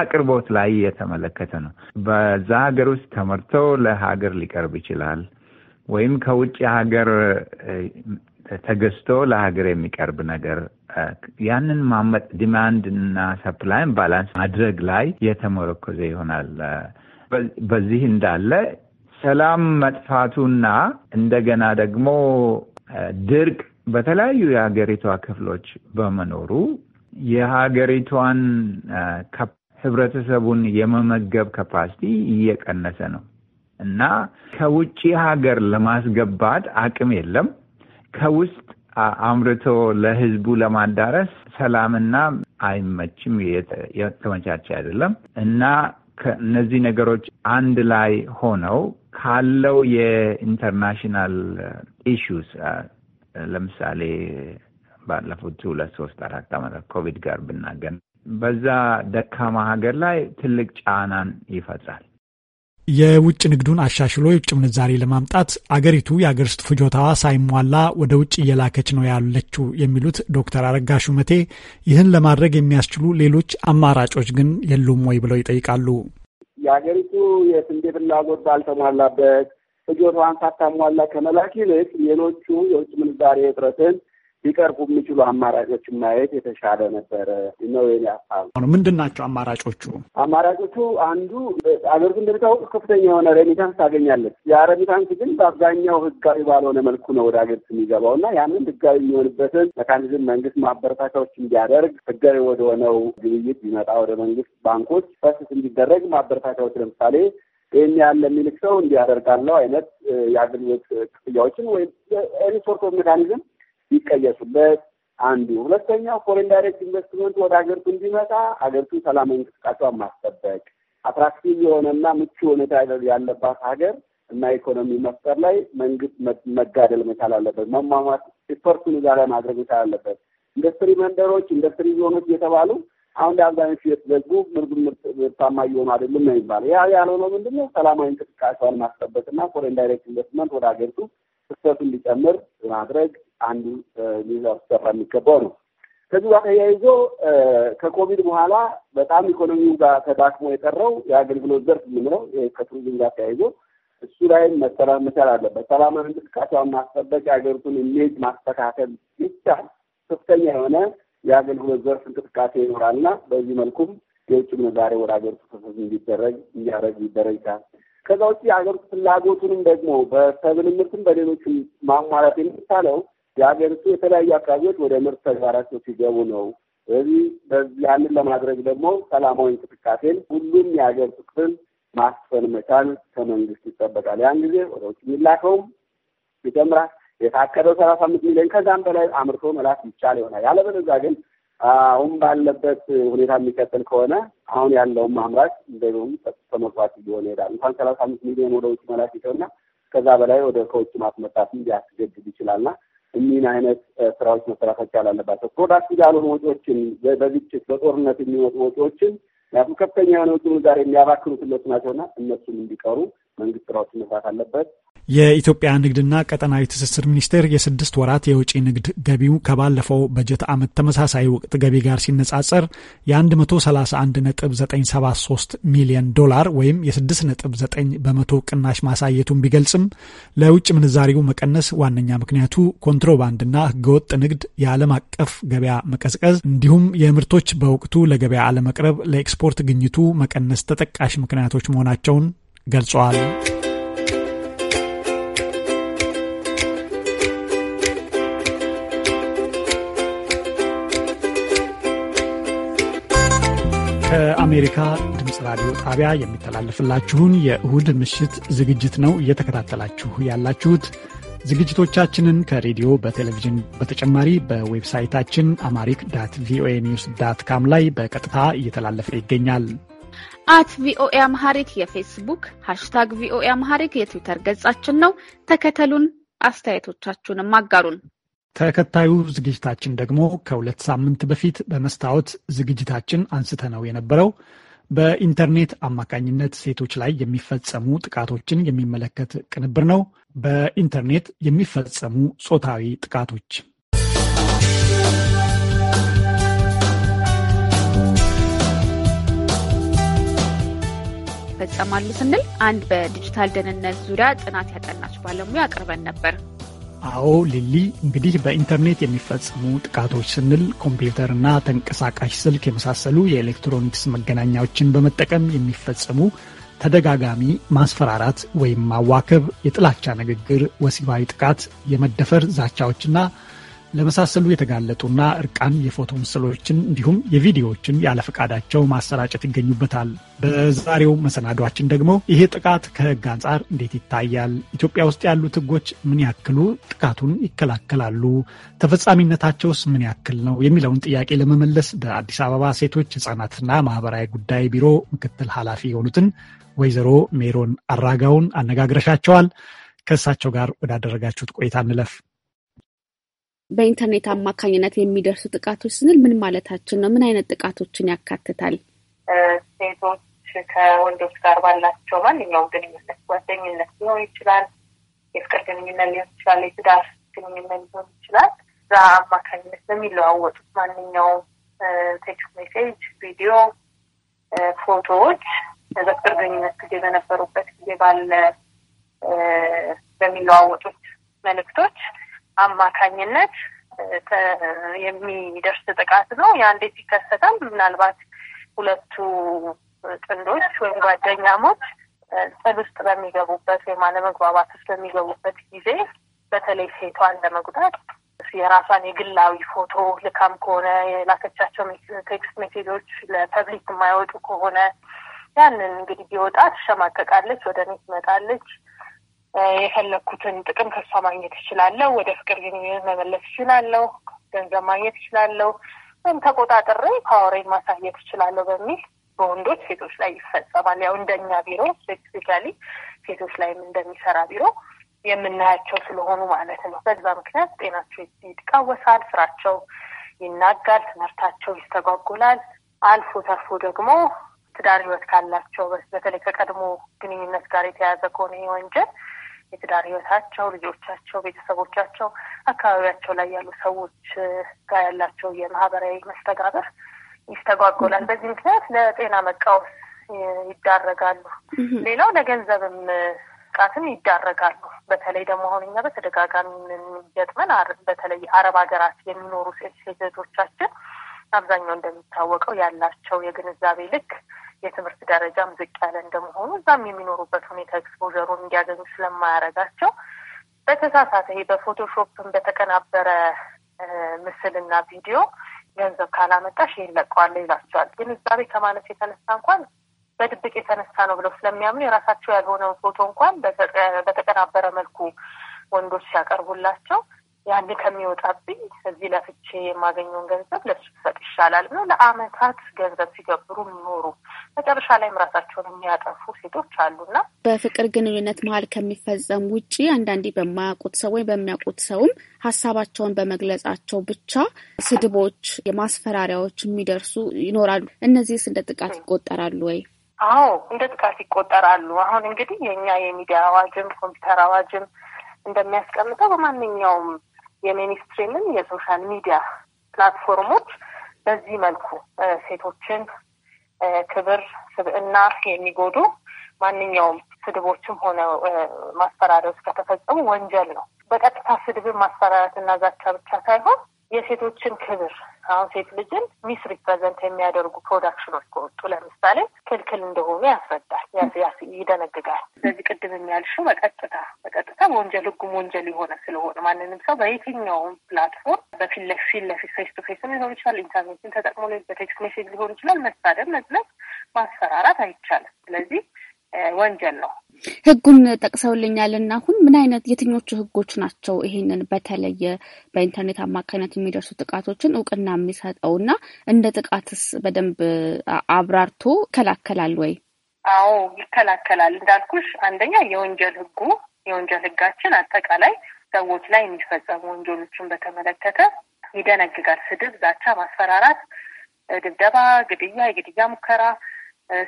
አቅርቦት ላይ የተመለከተ ነው። በዛ ሀገር ውስጥ ተመርቶ ለሀገር ሊቀርብ ይችላል። ወይም ከውጭ ሀገር ተገዝቶ ለሀገር የሚቀርብ ነገር ያንን ማመጥ ዲማንድ እና ሰፕላይን ባላንስ ማድረግ ላይ የተመረኮዘ ይሆናል። በዚህ እንዳለ ሰላም መጥፋቱና እንደገና ደግሞ ድርቅ በተለያዩ የሀገሪቷ ክፍሎች በመኖሩ የሀገሪቷን ህብረተሰቡን የመመገብ ካፓሲቲ እየቀነሰ ነው። እና ከውጭ ሀገር ለማስገባት አቅም የለም። ከውስጥ አምርቶ ለህዝቡ ለማዳረስ ሰላምና አይመችም፣ የተመቻቸ አይደለም እና ከእነዚህ ነገሮች አንድ ላይ ሆነው ካለው የኢንተርናሽናል ኢሹስ ለምሳሌ ባለፉት ሁለት ሶስት አራት ዓመታት ኮቪድ ጋር ብናገን በዛ ደካማ ሀገር ላይ ትልቅ ጫናን ይፈጥራል። የውጭ ንግዱን አሻሽሎ የውጭ ምንዛሬ ለማምጣት አገሪቱ የአገር ውስጥ ፍጆታዋ ሳይሟላ ወደ ውጭ እየላከች ነው ያለችው የሚሉት ዶክተር አረጋ ሹመቴ ይህን ለማድረግ የሚያስችሉ ሌሎች አማራጮች ግን የሉም ወይ ብለው ይጠይቃሉ። የአገሪቱ የስንዴ ፍላጎት ባልተሟላበት ፍጆታዋን ሳታሟላ ከመላክ ይልቅ ሌሎቹ የውጭ ምንዛሬ እጥረትን ሊቀርቡ የሚችሉ አማራጮችን ማየት የተሻለ ነበረ ነው የኔ ሀሳብ። ምንድን ናቸው አማራጮቹ? አማራጮቹ አንዱ አገሪቱ እንደሚታወቁ ከፍተኛ የሆነ ሬሚታንስ ታገኛለች። ያ ሬሚታንስ ግን በአብዛኛው ህጋዊ ባልሆነ መልኩ ነው ወደ አገሪቱ የሚገባው እና ያንን ህጋዊ የሚሆንበትን መካኒዝም መንግስት ማበረታቻዎች እንዲያደርግ ህጋዊ ወደሆነው ግብይት ቢመጣ ወደ መንግስት ባንኮች ፈስስ እንዲደረግ ማበረታቻዎች ለምሳሌ ይህን ያለ የሚልክ ሰው እንዲያደርጋለው አይነት የአገልግሎት ክፍያዎችን ወይም ኤኒ ሶርት ኦፍ ሜካኒዝም ይቀየሱበት አንዱ። ሁለተኛ ፎሬን ዳይሬክት ኢንቨስትመንት ወደ ሀገሪቱ እንዲመጣ ሀገሪቱ ሰላማዊ እንቅስቃሴዋን ማስጠበቅ፣ አትራክቲቭ የሆነና ምቹ ሁኔታ ያለባት ሀገር እና ኢኮኖሚ መፍጠር ላይ መንግስት መጋደል መቻል አለበት። መሟሟት ኢፈርቱን እዛ ላይ ማድረግ መቻል አለበት። ኢንዱስትሪ መንደሮች፣ ኢንዱስትሪ ዞኖች እየተባሉ አሁን ለአብዛኞቹ የተዘጉ ምርጉን ምርታማ እየሆኑ አይደለም ነው የሚባለው። ያ ያልሆነው ምንድነው ሰላማዊ እንቅስቃሴዋን ማስጠበቅና ፎሬን ዳይሬክት ኢንቨስትመንት ወደ ሀገሪቱ ፍሰቱ እንዲጨምር ማድረግ አንዱ ሌላው ሲሰራ የሚገባው ነው። ከዚህ ጋር ተያይዞ ከኮቪድ በኋላ በጣም ኢኮኖሚው ጋር ተዳክሞ የቀረው የአገልግሎት ዘርፍ የምንለው ከቱሪዝም ጋር ተያይዞ እሱ ላይም መሰራት መቻል አለበት። ሰላማዊ እንቅስቃሴዋን ማስጠበቅ፣ የሀገሪቱን ኢሜጅ ማስተካከል ይቻል ከፍተኛ የሆነ የአገልግሎት ዘርፍ እንቅስቃሴ ይኖራልና በዚህ መልኩም የውጭ ምንዛሬ ወደ ሀገሪቱ ፍሰት እንዲደረግ እንዲያደረግ ይደረግ ይቻል። ከዛ ውጭ የሀገር ውስጥ ፍላጎቱንም ደግሞ በሰብል ምርትም በሌሎችም ማሟላት የሚቻለው የሀገሪቱ የተለያዩ አካባቢዎች ወደ ምርት ተግባራቸው ሲገቡ ነው። ስለዚህ ያንን ለማድረግ ደግሞ ሰላማዊ እንቅስቃሴን ሁሉም የሀገሪቱ ክፍል ማስፈን መቻል ከመንግስት ይጠበቃል። ያን ጊዜ ወደ ውጭ የሚላከውም ይጨምራል። የታቀደው ሰላሳ አምስት ሚሊዮን ከዛም በላይ አምርቶ መላክ ይቻል ይሆናል። ያለበለዚያ ግን አሁን ባለበት ሁኔታ የሚቀጥል ከሆነ አሁን ያለውም አምራች እንደዚሁም ተመርቷት ሊሆን ይሄዳል። እንኳን ሰላሳ አምስት ሚሊዮን ወደ ውጭ መላክ ይችላልና ከዛ በላይ ወደ ከውጭ ማስመጣትም ሊያስገድድ ይችላልና እኒህን አይነት ስራዎች መሰራታቸው ያላለባቸው ፕሮዳክት ያልሆኑ ወጪዎችን በግጭት በጦርነት የሚወጡ ወጪዎችን ምክንያቱም ከፍተኛ የሆነ ውጭ ምንዛሬ የሚያባክኑት እነሱ ናቸውና እነሱም እንዲቀሩ መንግስት ስራዎችን መስራት አለበት። የኢትዮጵያ ንግድና ቀጠናዊ ትስስር ሚኒስቴር የስድስት ወራት የውጭ ንግድ ገቢው ከባለፈው በጀት ዓመት ተመሳሳይ ወቅት ገቢ ጋር ሲነጻጸር የ131.973 ሚሊዮን ዶላር ወይም የ6.9 በመቶ ቅናሽ ማሳየቱን ቢገልጽም ለውጭ ምንዛሪው መቀነስ ዋነኛ ምክንያቱ ኮንትሮባንድና ህገወጥ ንግድ፣ የዓለም አቀፍ ገበያ መቀዝቀዝ እንዲሁም የምርቶች በወቅቱ ለገበያ አለመቅረብ ለኤክስፖርት ግኝቱ መቀነስ ተጠቃሽ ምክንያቶች መሆናቸውን ገልጸዋል። ከአሜሪካ ድምፅ ራዲዮ ጣቢያ የሚተላለፍላችሁን የእሁድ ምሽት ዝግጅት ነው እየተከታተላችሁ ያላችሁት። ዝግጅቶቻችንን ከሬዲዮ በቴሌቪዥን በተጨማሪ በዌብሳይታችን አማሪክ ዳት ቪኦኤ ኒውስ ዳት ካም ላይ በቀጥታ እየተላለፈ ይገኛል። አት ቪኦኤ አምሃሪክ የፌስቡክ ሃሽታግ ቪኦኤ አምሃሪክ የትዊተር ገጻችን ነው። ተከተሉን፣ አስተያየቶቻችሁንም አጋሩን። ተከታዩ ዝግጅታችን ደግሞ ከሁለት ሳምንት በፊት በመስታወት ዝግጅታችን አንስተነው የነበረው በኢንተርኔት አማካኝነት ሴቶች ላይ የሚፈጸሙ ጥቃቶችን የሚመለከት ቅንብር ነው። በኢንተርኔት የሚፈጸሙ ጾታዊ ጥቃቶች ይፈጸማሉ ስንል አንድ በዲጂታል ደህንነት ዙሪያ ጥናት ያጠናች ባለሙያ አቅርበን ነበር። አዎ ሊሊ፣ እንግዲህ በኢንተርኔት የሚፈጸሙ ጥቃቶች ስንል ኮምፒውተርና ተንቀሳቃሽ ስልክ የመሳሰሉ የኤሌክትሮኒክስ መገናኛዎችን በመጠቀም የሚፈጸሙ ተደጋጋሚ ማስፈራራት ወይም ማዋከብ፣ የጥላቻ ንግግር፣ ወሲባዊ ጥቃት፣ የመደፈር ዛቻዎችና ለመሳሰሉ የተጋለጡና እርቃን የፎቶ ምስሎችን እንዲሁም የቪዲዮዎችን ያለፈቃዳቸው ማሰራጨት ይገኙበታል። በዛሬው መሰናዷችን ደግሞ ይሄ ጥቃት ከሕግ አንጻር እንዴት ይታያል? ኢትዮጵያ ውስጥ ያሉት ሕጎች ምን ያክሉ ጥቃቱን ይከላከላሉ? ተፈጻሚነታቸውስ ምን ያክል ነው? የሚለውን ጥያቄ ለመመለስ በአዲስ አበባ ሴቶች ሕጻናትና ማህበራዊ ጉዳይ ቢሮ ምክትል ኃላፊ የሆኑትን ወይዘሮ ሜሮን አራጋውን አነጋግረሻቸዋል። ከእሳቸው ጋር ወዳደረጋችሁት ቆይታ እንለፍ። በኢንተርኔት አማካኝነት የሚደርሱ ጥቃቶች ስንል ምን ማለታችን ነው? ምን አይነት ጥቃቶችን ያካትታል? ሴቶች ከወንዶች ጋር ባላቸው ማንኛውም ግንኙነት ጓደኝነት ሊሆን ይችላል፣ የፍቅር ግንኙነት ሊሆን ይችላል፣ የትዳር ግንኙነት ሊሆን ይችላል። እዛ አማካኝነት በሚለዋወጡት ማንኛውም ቴክስት ሜሴጅ፣ ቪዲዮ፣ ፎቶዎች በፍቅር ግንኙነት ጊዜ በነበሩበት ጊዜ ባለ በሚለዋወጡት መልእክቶች አማካኝነት የሚደርስ ጥቃት ነው። ያ እንዴት ይከሰታል? ምናልባት ሁለቱ ጥንዶች ወይም ጓደኛሞች ጥል ውስጥ በሚገቡበት ወይም አለመግባባት ውስጥ በሚገቡበት ጊዜ በተለይ ሴቷን ለመጉዳት የራሷን የግላዊ ፎቶ ልካም ከሆነ የላከቻቸው ቴክስት ሜሴጆች ለፐብሊክ የማይወጡ ከሆነ ያንን እንግዲህ ቢወጣ ትሸማቀቃለች፣ ወደ እኔ ትመጣለች። የፈለግኩትን ጥቅም ከሷ ማግኘት እችላለሁ። ወደ ፍቅር ግንኙነት መመለስ እችላለሁ። ገንዘብ ማግኘት እችላለሁ። ወይም ተቆጣጥሬ ፓወሬን ማሳየት እችላለሁ በሚል በወንዶች ሴቶች ላይ ይፈጸማል። ያው እንደኛ ቢሮ ስፔሲፊካሊ ሴቶች ላይም እንደሚሰራ ቢሮ የምናያቸው ስለሆኑ ማለት ነው። በዛ ምክንያት ጤናቸው ይቃወሳል፣ ስራቸው ይናጋል፣ ትምህርታቸው ይስተጓጉላል። አልፎ ተርፎ ደግሞ ትዳር ህይወት ካላቸው በተለይ ከቀድሞ ግንኙነት ጋር የተያያዘ ከሆነ ይህ ወንጀል የትዳር ህይወታቸው፣ ልጆቻቸው፣ ቤተሰቦቻቸው፣ አካባቢያቸው ላይ ያሉ ሰዎች ጋር ያላቸው የማህበራዊ መስተጋብር ይስተጓጎላል። በዚህ ምክንያት ለጤና መቃወስ ይዳረጋሉ። ሌላው ለገንዘብም ጥቃትም ይዳረጋሉ። በተለይ ደግሞ አሁን እኛ በተደጋጋሚ የሚገጥመን በተለይ አረብ ሀገራት የሚኖሩ ሴቶቻችን አብዛኛው እንደሚታወቀው ያላቸው የግንዛቤ ልክ የትምህርት ደረጃም ዝቅ ያለ እንደመሆኑ እዛም የሚኖሩበት ሁኔታ ኤክስፖዘሩን እንዲያገኙ ስለማያደርጋቸው በተሳሳተ ይሄ በፎቶሾፕም በተቀናበረ ምስልና ቪዲዮ ገንዘብ ካላመጣሽ ይህን ለቀዋለሁ ይላቸዋል። ግንዛቤ ከማለት የተነሳ እንኳን በድብቅ የተነሳ ነው ብለው ስለሚያምኑ የራሳቸው ያልሆነ ፎቶ እንኳን በተቀናበረ መልኩ ወንዶች ሲያቀርቡላቸው ያኔ ከሚወጣብኝ እዚህ ለፍቼ የማገኘውን ገንዘብ ለሱ ሰጥ ይሻላል ብለው ለአመታት ገንዘብ ሲገብሩ የሚኖሩ መጨረሻ ላይም ራሳቸውን የሚያጠፉ ሴቶች አሉና በፍቅር ግንኙነት መሀል ከሚፈጸም ውጪ አንዳንዴ በማያውቁት ሰው ወይም በሚያውቁት ሰውም ሀሳባቸውን በመግለጻቸው ብቻ ስድቦች፣ የማስፈራሪያዎች የሚደርሱ ይኖራሉ። እነዚህስ እንደ ጥቃት ይቆጠራሉ ወይ? አዎ እንደ ጥቃት ይቆጠራሉ። አሁን እንግዲህ የእኛ የሚዲያ አዋጅም ኮምፒውተር አዋጅም እንደሚያስቀምጠው በማንኛውም የሜንስትሪምም የሶሻል ሚዲያ ፕላትፎርሞች በዚህ መልኩ ሴቶችን ክብር፣ ስብዕና የሚጎዱ ማንኛውም ስድቦችም ሆነ ማስፈራሪያዎች ከተፈጸሙ ወንጀል ነው። በቀጥታ ስድብን ማስፈራሪያት እና ዛቻ ብቻ ሳይሆን የሴቶችን ክብር አሁን ሴት ልጅን ሚስ ሪፕሬዘንት የሚያደርጉ ፕሮዳክሽኖች ከወጡ ለምሳሌ ክልክል እንደሆኑ ያስረዳል፣ ይደነግጋል። ስለዚህ ቅድም የሚያልሹ በቀጥታ ሀሳብ ወንጀል ህጉም ወንጀል የሆነ ስለሆነ ማንንም ሰው በየትኛውም ፕላትፎርም በፊት ለፊት ለፊት ፌስ ቱ ፌስ ሊሆን ይችላል፣ ኢንተርኔትን ተጠቅሞ በቴክስት ሜሴጅ ሊሆን ይችላል፣ መሳደብ፣ መዝለፍ፣ ማስፈራራት አይቻልም። ስለዚህ ወንጀል ነው። ህጉን ጠቅሰውልኛል እና አሁን ምን አይነት የትኞቹ ህጎች ናቸው ይሄንን በተለየ በኢንተርኔት አማካኝነት የሚደርሱ ጥቃቶችን እውቅና የሚሰጠው እና እንደ ጥቃትስ በደንብ አብራርቶ ይከላከላል ወይ? አዎ ይከላከላል። እንዳልኩሽ አንደኛ የወንጀል ህጉ የወንጀል ህጋችን አጠቃላይ ሰዎች ላይ የሚፈጸሙ ወንጀሎችን በተመለከተ ይደነግጋል። ስድብ፣ ዛቻ፣ ማስፈራራት፣ ድብደባ፣ ግድያ፣ የግድያ ሙከራ፣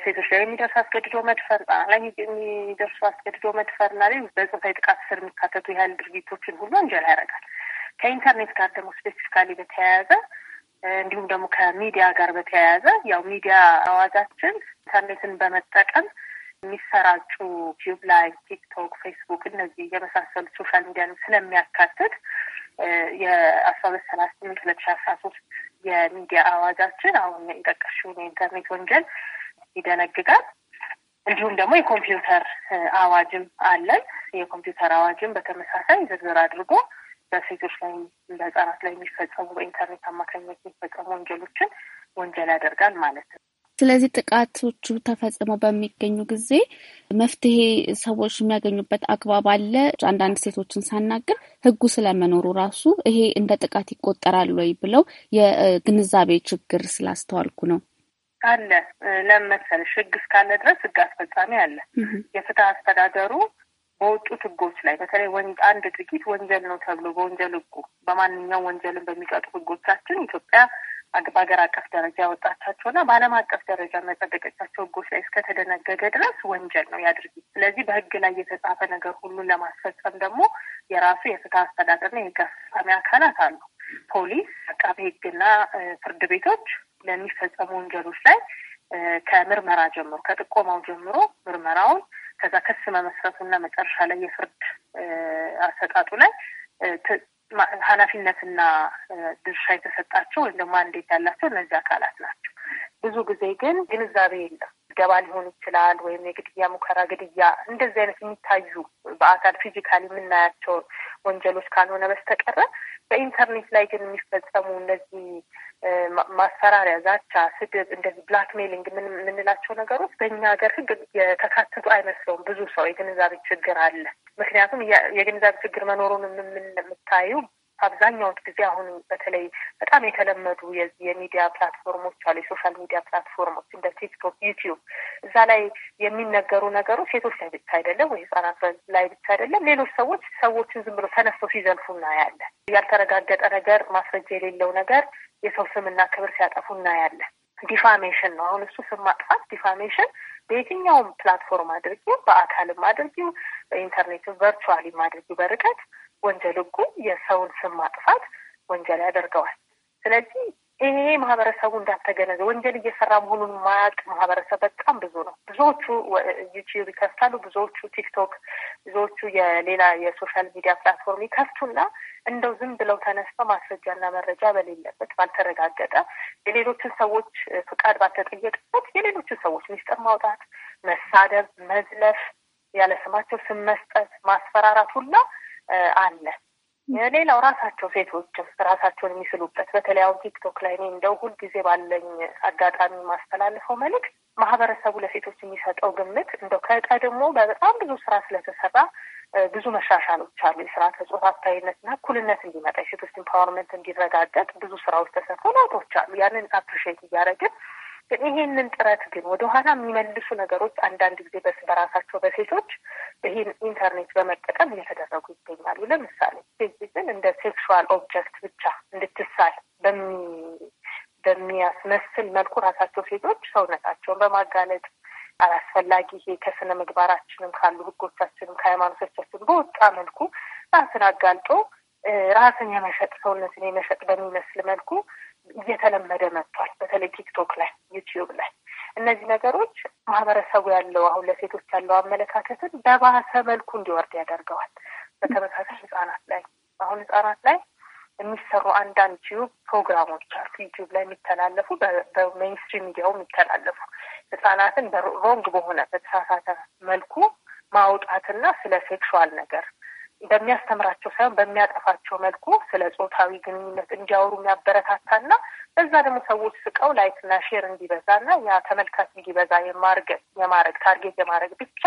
ሴቶች ላይ የሚደርስ አስገድዶ መድፈር፣ ህጻናት ላይ የሚደርሱ አስገድዶ መድፈር እና ሌሎች በጾታዊ ጥቃት ስር የሚካተቱ ያህል ድርጊቶችን ሁሉ ወንጀል ያደርጋል። ከኢንተርኔት ጋር ደግሞ ስፔሲፊካሊ በተያያዘ እንዲሁም ደግሞ ከሚዲያ ጋር በተያያዘ ያው ሚዲያ አዋጃችን ኢንተርኔትን በመጠቀም የሚሰራጩ ዩቲዩብ ላይ፣ ቲክቶክ፣ ፌስቡክ እነዚህ የመሳሰሉ ሶሻል ሚዲያ ስለሚያካትት የአስራ ሁለት ሰላሳ ስምንት ሁለት ሺ አስራ ሶስት የሚዲያ አዋጃችን አሁን የጠቀስሽውን የኢንተርኔት ወንጀል ይደነግጋል። እንዲሁም ደግሞ የኮምፒውተር አዋጅም አለን። የኮምፒውተር አዋጅም በተመሳሳይ ዝርዝር አድርጎ በሴቶች ላይ በህጻናት ላይ የሚፈጸሙ በኢንተርኔት አማካኝነት የሚፈጸሙ ወንጀሎችን ወንጀል ያደርጋል ማለት ነው። ስለዚህ ጥቃቶቹ ተፈጽመው በሚገኙ ጊዜ መፍትሄ ሰዎች የሚያገኙበት አግባብ አለ። አንዳንድ ሴቶችን ሳናገር ህጉ ስለመኖሩ ራሱ ይሄ እንደ ጥቃት ይቆጠራል ወይ ብለው የግንዛቤ ችግር ስላስተዋልኩ ነው። አለ ለምን መሰለሽ፣ እስካለ ድረስ ህግ አስፈጻሚ አለ። የፍትህ አስተዳደሩ በወጡት ህጎች ላይ በተለይ አንድ ድርጊት ወንጀል ነው ተብሎ በወንጀል ህጉ በማንኛውም ወንጀልን በሚቀጡ ህጎቻችን ኢትዮጵያ በሀገር አቀፍ ደረጃ ያወጣቻቸው እና በዓለም አቀፍ ደረጃ መጸደቀቻቸው ህጎች ላይ እስከተደነገገ ድረስ ወንጀል ነው ያድርጊት። ስለዚህ በህግ ላይ የተጻፈ ነገር ሁሉን ለማስፈጸም ደግሞ የራሱ የፍትህ አስተዳደርና የህግ አስፈጻሚ አካላት አሉ። ፖሊስ፣ አቃቤ ህግና ፍርድ ቤቶች ለሚፈጸሙ ወንጀሎች ላይ ከምርመራ ጀምሮ ከጥቆማው ጀምሮ ምርመራውን ከዛ ክስ መመስረቱና መጨረሻ ላይ የፍርድ አሰጣጡ ላይ ኃላፊነትና ድርሻ የተሰጣቸው ወይም ደግሞ አንዴት ያላቸው እነዚህ አካላት ናቸው። ብዙ ጊዜ ግን ግንዛቤ የለም። ገባ ሊሆን ይችላል ወይም የግድያ ሙከራ፣ ግድያ እንደዚህ አይነት የሚታዩ በአካል ፊዚካል የምናያቸው ወንጀሎች ካልሆነ በስተቀረ በኢንተርኔት ላይ ግን የሚፈጸሙ እነዚህ ማስፈራሪያ፣ ዛቻ፣ ስድብ፣ እንደዚህ ብላክሜሊንግ የምንላቸው ነገሮች በእኛ ሀገር ህግ የተካተቱ አይመስለውም። ብዙ ሰው የግንዛቤ ችግር አለ። ምክንያቱም የግንዛቤ ችግር መኖሩን የምታዩ አብዛኛውን ጊዜ አሁን በተለይ በጣም የተለመዱ የሚዲያ ፕላትፎርሞች አሉ። የሶሻል ሚዲያ ፕላትፎርሞች እንደ ቲክቶክ፣ ዩቲዩብ እዛ ላይ የሚነገሩ ነገሮች ሴቶች ላይ ብቻ አይደለም ወይ ህጻናት ላይ ብቻ አይደለም። ሌሎች ሰዎች ሰዎችን ዝም ብሎ ተነስተው ሲዘልፉ እናያለን። ያልተረጋገጠ ነገር፣ ማስረጃ የሌለው ነገር የሰው ስምና ክብር ሲያጠፉ እናያለን። ዲፋሜሽን ነው አሁን እሱ ስም ማጥፋት ዲፋሜሽን በየትኛውም ፕላትፎርም አድርጊው፣ በአካልም አድርጊው፣ በኢንተርኔት ቨርቹዋሊም አድርጊው፣ በርቀት ወንጀል ህጉ የሰውን ስም ማጥፋት ወንጀል ያደርገዋል። ስለዚህ ይሄ ማህበረሰቡ እንዳልተገነዘ ወንጀል እየሰራ መሆኑን ማያቅ ማህበረሰብ በጣም ብዙ ነው። ብዙዎቹ ዩቲዩብ ይከፍታሉ፣ ብዙዎቹ ቲክቶክ፣ ብዙዎቹ የሌላ የሶሻል ሚዲያ ፕላትፎርም ይከፍቱና እንደው ዝም ብለው ተነስተው ማስረጃና መረጃ በሌለበት ባልተረጋገጠ፣ የሌሎችን ሰዎች ፍቃድ ባልተጠየቀበት የሌሎችን ሰዎች ሚስጥር ማውጣት፣ መሳደብ፣ መዝለፍ፣ ያለ ስማቸው ስም መስጠት፣ ማስፈራራት ሁላ አለ። ሌላው ራሳቸው ሴቶችም ራሳቸውን የሚስሉበት በተለይ አሁን ቲክቶክ ላይ እኔ እንደው ሁልጊዜ ባለኝ አጋጣሚ ማስተላለፈው መልዕክት ማህበረሰቡ ለሴቶች የሚሰጠው ግምት እንደው ከቀድሞ በጣም ብዙ ስራ ስለተሰራ ብዙ መሻሻሎች አሉ። የስርዓተ ጾታ አታይነትና እኩልነት እንዲመጣ የሴቶች ኢምፓወርመንት እንዲረጋገጥ ብዙ ስራዎች ተሰርተው ለውጦች አሉ። ያንን አፕሪሼት እያደረግን ይህንን ጥረት ግን ወደኋላ የሚመልሱ ነገሮች አንዳንድ ጊዜ በስ በራሳቸው በሴቶች ይህን ኢንተርኔት በመጠቀም እየተደረጉ ይገኛሉ። ለምሳሌ ፌስቡክን እንደ ሴክሹዋል ኦብጀክት ብቻ እንድትሳል በሚያስመስል መልኩ ራሳቸው ሴቶች ሰውነታቸውን በማጋለጥ አላስፈላጊ ይሄ ከስነ ምግባራችንም ካሉ ህጎቻችንም ከሃይማኖቶቻችን በወጣ መልኩ ራስን አጋልጦ ራስን የመሸጥ ሰውነትን የመሸጥ በሚመስል መልኩ እየተለመደ መጥቷል። በተለይ ቲክቶክ ላይ፣ ዩቲዩብ ላይ እነዚህ ነገሮች ማህበረሰቡ ያለው አሁን ለሴቶች ያለው አመለካከትን በባሰ መልኩ እንዲወርድ ያደርገዋል። በተመሳሳይ ህጻናት ላይ አሁን ህጻናት ላይ የሚሰሩ አንዳንድ ዩቲዩብ ፕሮግራሞች አሉ። ዩቲዩብ ላይ የሚተላለፉ በሜንስትሪም ሚዲያው የሚተላለፉ ህጻናትን በሮንግ በሆነ በተሳሳተ መልኩ ማውጣትና ስለ ሴክሹዋል ነገር በሚያስተምራቸው ሳይሆን በሚያጠፋቸው መልኩ ስለ ጾታዊ ግንኙነት እንዲያወሩ የሚያበረታታና በዛ ደግሞ ሰዎች ስቀው ላይክና ሼር እንዲበዛና ያ ተመልካች እንዲበዛ የማርገ የማድረግ ታርጌት የማድረግ ብቻ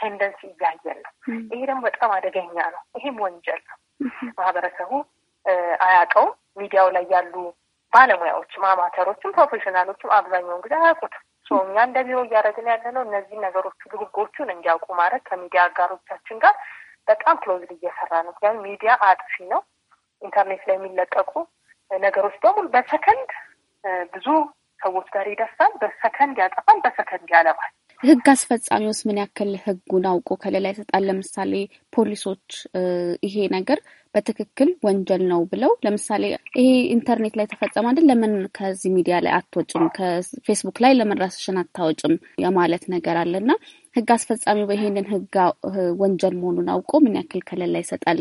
ቴንደንስ እያየን ነው። ይሄ ደግሞ በጣም አደገኛ ነው። ይሄም ወንጀል ነው። ማህበረሰቡ አያውቀውም። ሚዲያው ላይ ያሉ ባለሙያዎችም አማተሮችም ፕሮፌሽናሎችም አብዛኛውን ጊዜ አያውቁትም። እኛ እንደ ቢሮ እያደረግን ያለ ነው እነዚህ ነገሮች ህጎቹን እንዲያውቁ ማድረግ ከሚዲያ አጋሮቻችን ጋር በጣም ክሎዝ እየሰራ ነው። ምክንያቱም ሚዲያ አጥፊ ነው። ኢንተርኔት ላይ የሚለቀቁ ነገሮች በሙሉ በሰከንድ ብዙ ሰዎች ጋር ይደርሳል። በሰከንድ ያጠፋል፣ በሰከንድ ያለባል። ህግ አስፈጻሚውስ ምን ያክል ህጉን አውቆ ከሌላ ይሰጣል? ለምሳሌ ፖሊሶች ይሄ ነገር በትክክል ወንጀል ነው ብለው ለምሳሌ ይሄ ኢንተርኔት ላይ ተፈጸመ አይደል፣ ለምን ከዚህ ሚዲያ ላይ አትወጭም፣ ከፌስቡክ ላይ ለምን ራስሽን አታወጭም የማለት ነገር አለና ህግ አስፈጻሚው ይሄንን ህግ ወንጀል መሆኑን አውቆ ምን ያክል ከለላ ይሰጣል?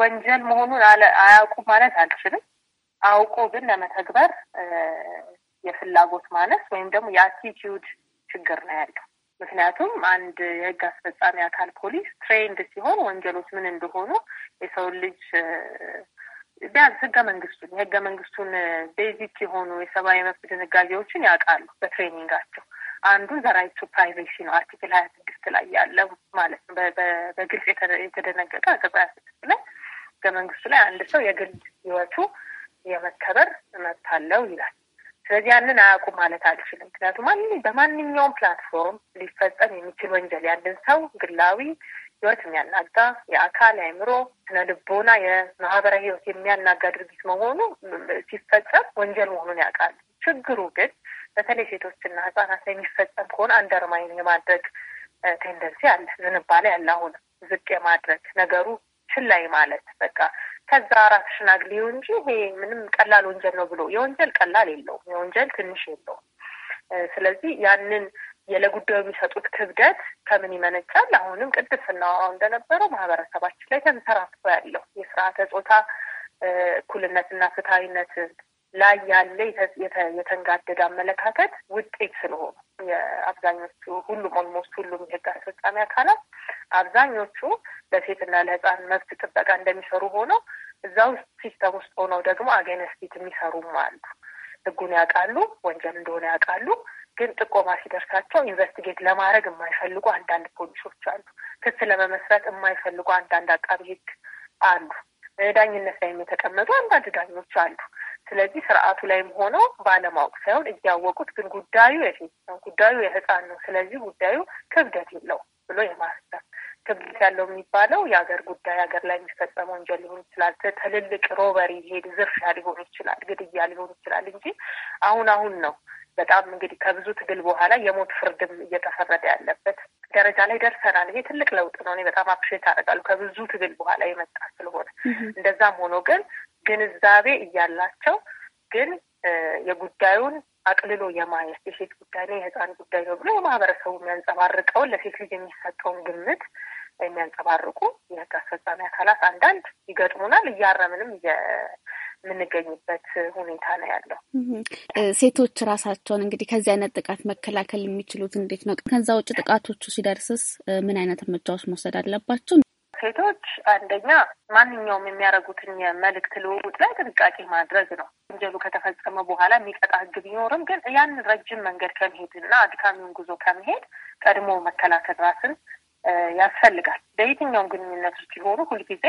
ወንጀል መሆኑን አያውቁ ማለት አልችልም። አውቆ ግን ለመተግበር የፍላጎት ማነስ ወይም ደግሞ የአቲቲዩድ ችግር ነው ያለው። ምክንያቱም አንድ የህግ አስፈጻሚ አካል ፖሊስ ትሬንድ ሲሆን ወንጀሎች ምን እንደሆኑ የሰው ልጅ ቢያንስ ህገ መንግስቱን የህገ መንግስቱን ቤዚክ የሆኑ የሰብአዊ መብት ድንጋጌዎችን ያውቃሉ በትሬኒንጋቸው። አንዱ ዘራይቱ ፕራይቬሲ ነው። አርቲክል ሀያ ስድስት ላይ ያለው ማለት ነው በግልጽ የተደነገጠ አርቲክል ሀያ ስድስት ላይ ህገ መንግስቱ ላይ አንድ ሰው የግል ህይወቱ የመከበር መብት አለው ይላል። ስለዚህ ያንን አያውቁም ማለት አልችልም። ምክንያቱም በማንኛውም ፕላትፎርም ሊፈጸም የሚችል ወንጀል ያንን ሰው ግላዊ ህይወት የሚያናጋ የአካል የአእምሮ፣ ስነ ልቦና፣ የማህበራዊ ህይወት የሚያናጋ ድርጊት መሆኑ ሲፈጸም ወንጀል መሆኑን ያውቃል። ችግሩ ግን በተለይ ሴቶችና ህጻናት ላይ የሚፈጸም ከሆነ አንደርማይን የማድረግ ቴንደንሲ አለ፣ ዝንባሌ ያለ አሁን ዝቅ የማድረግ ነገሩ ችላይ ማለት በቃ ከዛ አራት አግሊው እንጂ ይሄ ምንም ቀላል ወንጀል ነው ብሎ የወንጀል ቀላል የለውም፣ የወንጀል ትንሽ የለውም። ስለዚህ ያንን ለጉዳዩ የሚሰጡት ክብደት ከምን ይመነጫል? አሁንም ቅድም ስናወራው እንደነበረው ማህበረሰባችን ላይ ተንሰራፍቶ ያለው የስርዓተ ጾታ እኩልነትና ፍትሐዊነት ላይ ያለ የተንጋደደ አመለካከት ውጤት ስለሆኑ የአብዛኞቹ ሁሉም ኦልሞስት ሁሉም የህግ አስፈጻሚ አካላት አብዛኞቹ ለሴትና ለህፃን መብት ጥበቃ እንደሚሰሩ ሆነው እዛ ውስጥ ሲስተም ውስጥ ሆነው ደግሞ አገነስቲት የሚሰሩም አሉ። ህጉን ያውቃሉ፣ ወንጀል እንደሆነ ያውቃሉ። ግን ጥቆማ ሲደርሳቸው ኢንቨስቲጌት ለማድረግ የማይፈልጉ አንዳንድ ፖሊሶች አሉ። ክስ ለመመስረት የማይፈልጉ አንዳንድ አቃቢ ህግ አሉ። ዳኝነት ላይም የተቀመጡ አንዳንድ ዳኞች አሉ። ስለዚህ ስርዓቱ ላይም ሆነው ባለማወቅ ሳይሆን እያወቁት ግን ጉዳዩ የሴት ነው፣ ጉዳዩ የህፃን ነው፣ ስለዚህ ጉዳዩ ክብደት የለው ብሎ የማስበር ክብደት ያለው የሚባለው የሀገር ጉዳይ ሀገር ላይ የሚፈጸም ወንጀል ሊሆን ይችላል። ትልልቅ ሮበሪ ሄድ ዝርፊያ ሊሆን ይችላል፣ ግድያ ሊሆን ይችላል እንጂ አሁን አሁን ነው በጣም እንግዲህ ከብዙ ትግል በኋላ የሞት ፍርድም እየተፈረደ ያለበት ደረጃ ላይ ደርሰናል። ይሄ ትልቅ ለውጥ ነው። እኔ በጣም አፕሬት አደርጋለሁ ከብዙ ትግል በኋላ የመጣ ስለሆነ። እንደዛም ሆኖ ግን ግንዛቤ እያላቸው ግን የጉዳዩን አቅልሎ የማየት የሴት ጉዳይ ነው የህፃን ጉዳይ ነው ብሎ የማህበረሰቡ የሚያንጸባርቀውን ለሴት ልጅ የሚሰጠውን ግምት የሚያንጸባርቁ የህግ አስፈጻሚ አካላት አንዳንድ ይገጥሙናል። እያረምንም የምንገኝበት ሁኔታ ነው ያለው። ሴቶች ራሳቸውን እንግዲህ ከዚህ አይነት ጥቃት መከላከል የሚችሉት እንዴት ነው? ከዛ ውጭ ጥቃቶቹ ሲደርስስ ምን አይነት እርምጃዎች መውሰድ አለባቸው? ሴቶች አንደኛ ማንኛውም የሚያደርጉትን የመልእክት ልውውጥ ላይ ጥንቃቄ ማድረግ ነው። ወንጀሉ ከተፈጸመ በኋላ የሚቀጣ ሕግ ቢኖርም ግን ያን ረጅም መንገድ ከመሄድ እና አድካሚውን ጉዞ ከመሄድ ቀድሞ መከላከል ራስን ያስፈልጋል። በየትኛውም ግንኙነቶች ሲሆኑ ሁልጊዜ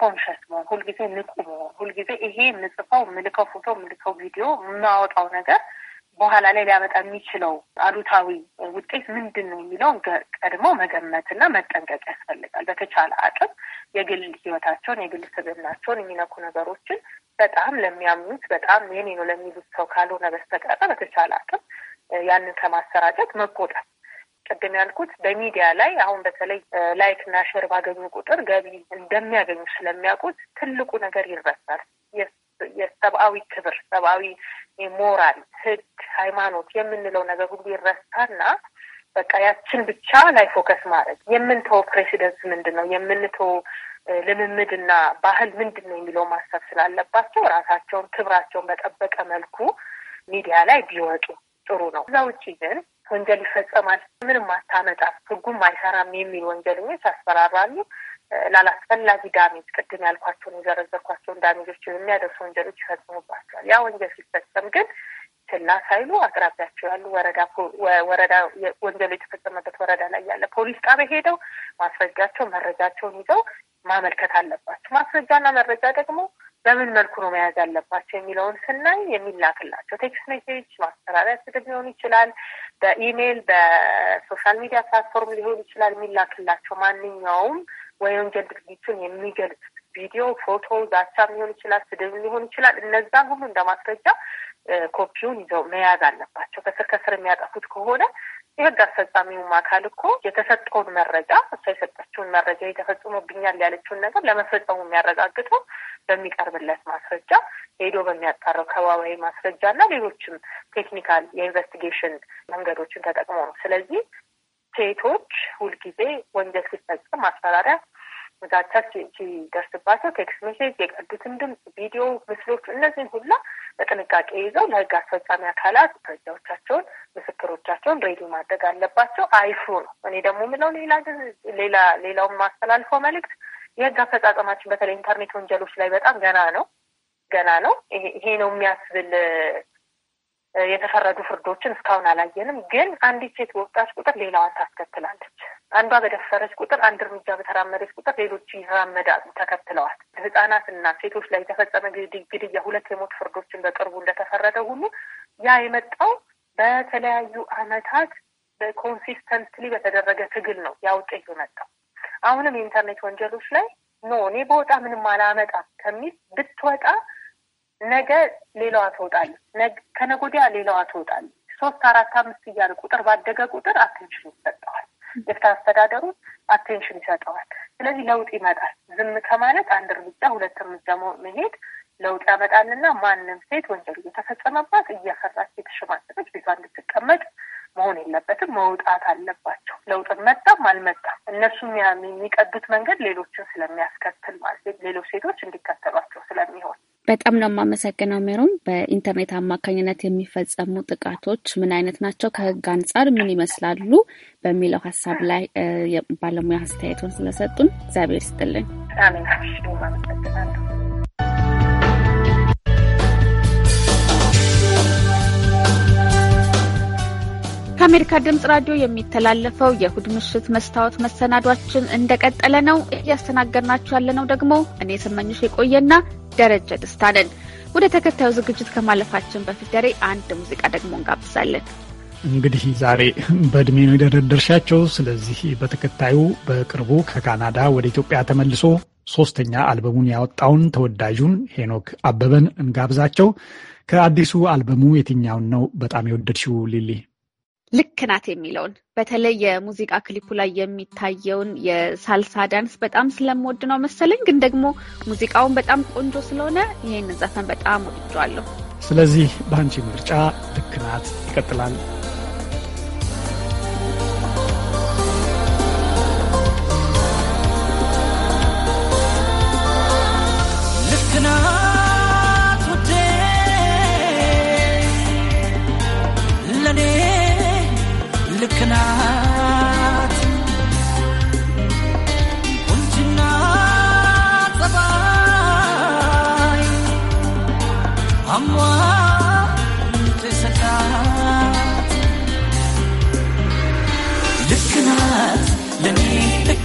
ኮንሸስ መሆን፣ ሁልጊዜ ንቁ መሆን፣ ሁልጊዜ ይሄ የምጽፈው ምልከው ፎቶ ምልከው ቪዲዮ የማወጣው ነገር በኋላ ላይ ሊያመጣ የሚችለው አሉታዊ ውጤት ምንድን ነው የሚለው ቀድሞ መገመትና መጠንቀቅ ያስፈልጋል። በተቻለ አቅም የግል ህይወታቸውን የግል ስብዕናቸውን የሚነኩ ነገሮችን በጣም ለሚያምኑት በጣም የኔ ነው ለሚሉት ሰው ካልሆነ በስተቀረ በተቻለ አቅም ያንን ከማሰራጨት መቆጠብ ቅድም ያልኩት በሚዲያ ላይ አሁን በተለይ ላይክ እና ሼር ባገኙ ቁጥር ገቢ እንደሚያገኙ ስለሚያውቁት ትልቁ ነገር ይረሳል። የሰብአዊ ክብር ሰብአዊ ሞራል፣ ህግ፣ ሃይማኖት የምንለው ነገር ሁሉ ይረሳና በቃ ያችን ብቻ ላይ ፎከስ ማድረግ የምንተው ፕሬሲደንስ ምንድን ነው የምንተው ልምምድና ባህል ምንድን ነው የሚለው ማሰብ ስላለባቸው ራሳቸውን ክብራቸውን በጠበቀ መልኩ ሚዲያ ላይ ቢወጡ ጥሩ ነው። እዛ ውጭ ግን ወንጀል ይፈጸማል፣ ምንም አታመጣም፣ ህጉም አይሰራም የሚል ወንጀለኞች ያስፈራራሉ። ላላስፈላጊ ዳሜጅ ቅድም ያልኳቸውን የዘረዘርኳቸውን ዳሜጆች የሚያደርሱ ወንጀሎች ይፈጽሙባቸዋል። ያ ወንጀል ሲፈጸም ግን ችላ ሳይሉ አቅራቢያቸው ያሉ ወረዳ ወረዳ ወንጀሉ የተፈጸመበት ወረዳ ላይ ያለ ፖሊስ ጣቢያ ሄደው ማስረጃቸው መረጃቸውን ይዘው ማመልከት አለባቸው። ማስረጃና መረጃ ደግሞ በምን መልኩ ነው መያዝ ያለባቸው የሚለውን ስናይ የሚላክላቸው ቴክስት ሜሴጅ፣ ማስተራሪያ ስድብ ሊሆን ይችላል። በኢሜይል በሶሻል ሚዲያ ፕላትፎርም ሊሆን ይችላል። የሚላክላቸው ማንኛውም ወንጀል ድርጊቱን የሚገልጽ ቪዲዮ፣ ፎቶ፣ ዛቻ ሊሆን ይችላል፣ ስድብ ሊሆን ይችላል። እነዛን ሁሉ እንደ ማስረጃ ኮፒውን ይዘው መያዝ አለባቸው። ከስር ከስር የሚያጠፉት ከሆነ የህግ አስፈጻሚውም አካል እኮ የተሰጠውን መረጃ እሷ የሰጠችውን መረጃ የተፈጽሞብኛል ያለችውን ነገር ለመፈጸሙ የሚያረጋግጠው በሚቀርብለት ማስረጃ ሄዶ በሚያጣራው ከባባዊ ማስረጃ እና ሌሎችም ቴክኒካል የኢንቨስቲጌሽን መንገዶችን ተጠቅሞ ነው። ስለዚህ ሴቶች ሁልጊዜ ወንጀል ሲፈጽም ማስፈራሪያ ጋቻ ሲደርስባቸው ቴክስት ሜሴጅ፣ የቀዱትን ድምፅ፣ ቪዲዮ፣ ምስሎች እነዚህን ሁላ በጥንቃቄ ይዘው ለህግ አስፈጻሚ አካላት መረጃዎቻቸውን፣ ምስክሮቻቸውን ሬዲ ማድረግ አለባቸው። አይፍሩ ነው። እኔ ደግሞ የምለው ሌላ ሌላ ሌላውን ማስተላልፈው መልእክት የህግ አፈጻጸማችን በተለይ ኢንተርኔት ወንጀሎች ላይ በጣም ገና ነው ገና ነው። ይሄ ነው የሚያስብል የተፈረዱ ፍርዶችን እስካሁን አላየንም። ግን አንዲት ሴት በወጣች ቁጥር ሌላዋን ታስከትላለች። አንዷ በደፈረች ቁጥር አንድ እርምጃ በተራመደች ቁጥር ሌሎቹ ይራመዳሉ ተከትለዋል። ህጻናትና ሴቶች ላይ የተፈጸመ ግድያ ሁለት የሞት ፍርዶችን በቅርቡ እንደተፈረደ ሁሉ ያ የመጣው በተለያዩ አመታት ኮንሲስተንትሊ በተደረገ ትግል ነው ያ የመጣው። አሁንም የኢንተርኔት ወንጀሎች ላይ ኖ እኔ በወጣ ምንም አላመጣም ከሚል ብትወጣ ነገ ሌላዋ ትወጣል፣ ከነጎዲያ ሌላዋ ትወጣል። ሶስት አራት አምስት እያለ ቁጥር ባደገ ቁጥር አቴንሽን ይሰጠዋል። የፍትህ አስተዳደሩ አቴንሽን ይሰጠዋል። ስለዚህ ለውጥ ይመጣል። ዝም ከማለት አንድ እርምጃ ሁለት እርምጃ መሄድ ለውጥ ያመጣልና ማንም ሴት ወንጀል እየተፈጸመባት እያፈራች የተሸማቀቀች ቤቷ እንድትቀመጥ መሆን የለበትም። መውጣት አለባቸው። ለውጥን መጣም አልመጣም እነሱ የሚቀዱት መንገድ ሌሎችን ስለሚያስከትል ማለት ሌሎች ሴቶች እንዲከተሏቸው ስለሚሆን በጣም ነው የማመሰግነው ሜሮን። በኢንተርኔት አማካኝነት የሚፈጸሙ ጥቃቶች ምን አይነት ናቸው፣ ከህግ አንጻር ምን ይመስላሉ በሚለው ሀሳብ ላይ ባለሙያ አስተያየቱን ስለሰጡን እግዚአብሔር ይስጥልኝ። ከአሜሪካ ድምጽ ራዲዮ የሚተላለፈው የእሁድ ምሽት መስታወት መሰናዷችን እንደቀጠለ ነው። እያስተናገድናችሁ ያለነው ደግሞ እኔ ስመኝሽ የቆየና ደረጀ ደስታ ነን። ወደ ተከታዩ ዝግጅት ከማለፋችን በፊት ደሬ አንድ ሙዚቃ ደግሞ እንጋብዛለን። እንግዲህ ዛሬ በእድሜ ነው የደረደርሻቸው። ስለዚህ በተከታዩ በቅርቡ ከካናዳ ወደ ኢትዮጵያ ተመልሶ ሶስተኛ አልበሙን ያወጣውን ተወዳጁን ሄኖክ አበበን እንጋብዛቸው። ከአዲሱ አልበሙ የትኛውን ነው በጣም የወደድሽው ሊሊ? ልክ ናት የሚለውን በተለይ የሙዚቃ ክሊፑ ላይ የሚታየውን የሳልሳ ዳንስ በጣም ስለምወድ ነው መሰለኝ። ግን ደግሞ ሙዚቃውን በጣም ቆንጆ ስለሆነ ይህን ዘፈን በጣም ወድጀዋለሁ። ስለዚህ በአንቺ ምርጫ ልክ ናት ይቀጥላል።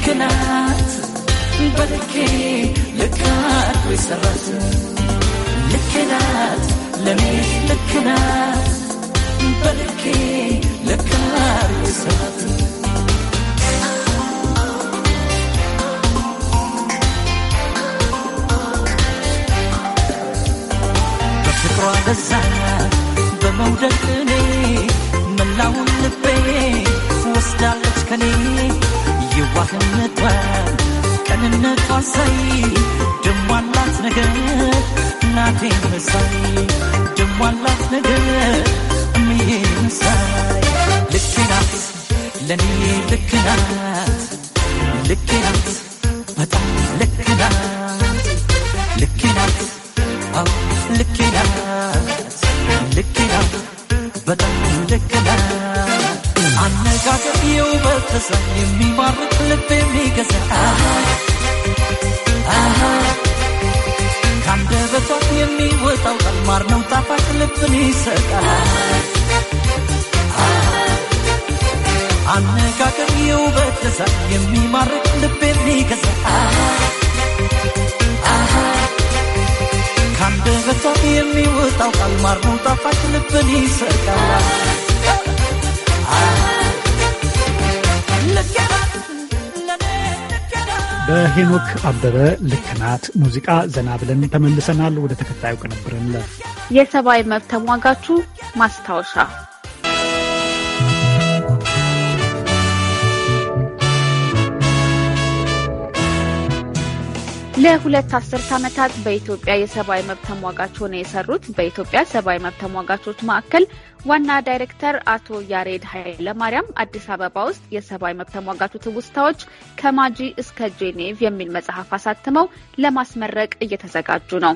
ልክናት በልኬ ልካት ወይ ሰራት ልክናት ለኔ ልክናት በልኬ ልካት ወይ ሰራት በፍቅሯ በዛ በመውደድ እኔ መላውን ልቤ ወስዳለች ከኔ የዋህነቷን ቀንነቷ ሳይ ደሟላት ነገር እናቴ መሳይ ደሟላት ነገር እምዬ መሳይ ልኬ ናት ለእኔ ልክ ናት ልኬ በጣም ልክ ናት ልኬ ናት አዎ ልኬ በጣም አነጋገር የውበት ተሰብ የሚማርክ ልብ የሚገዛ ከአንደበቷ የሚወጣው ቃል ማር ነው ጣፋጭ ልብን ይሰጣል። አነጋገር የውበት ተሰብ የሚማርክ ልብ የሚገዛ ከአንደበቷ የሚወጣው ቃል ማር ነው ጣፋጭ ልብን ይሰጣል። በሄኖክ አበበ ልክናት ሙዚቃ ዘና ብለን ተመልሰናል። ወደ ተከታዩ ቅንብር እንለፍ። የሰብአዊ መብት ተሟጋቹ ማስታወሻ ለሁለት አስርት ዓመታት በኢትዮጵያ የሰብአዊ መብት ተሟጋች ሆነው የሰሩት በኢትዮጵያ ሰብአዊ መብት ተሟጋቾች ማዕከል ዋና ዳይሬክተር አቶ ያሬድ ኃይለማርያም አዲስ አበባ ውስጥ የሰብአዊ መብት ተሟጋቹ ትውስታዎች ከማጂ እስከ ጄኔቭ የሚል መጽሐፍ አሳትመው ለማስመረቅ እየተዘጋጁ ነው።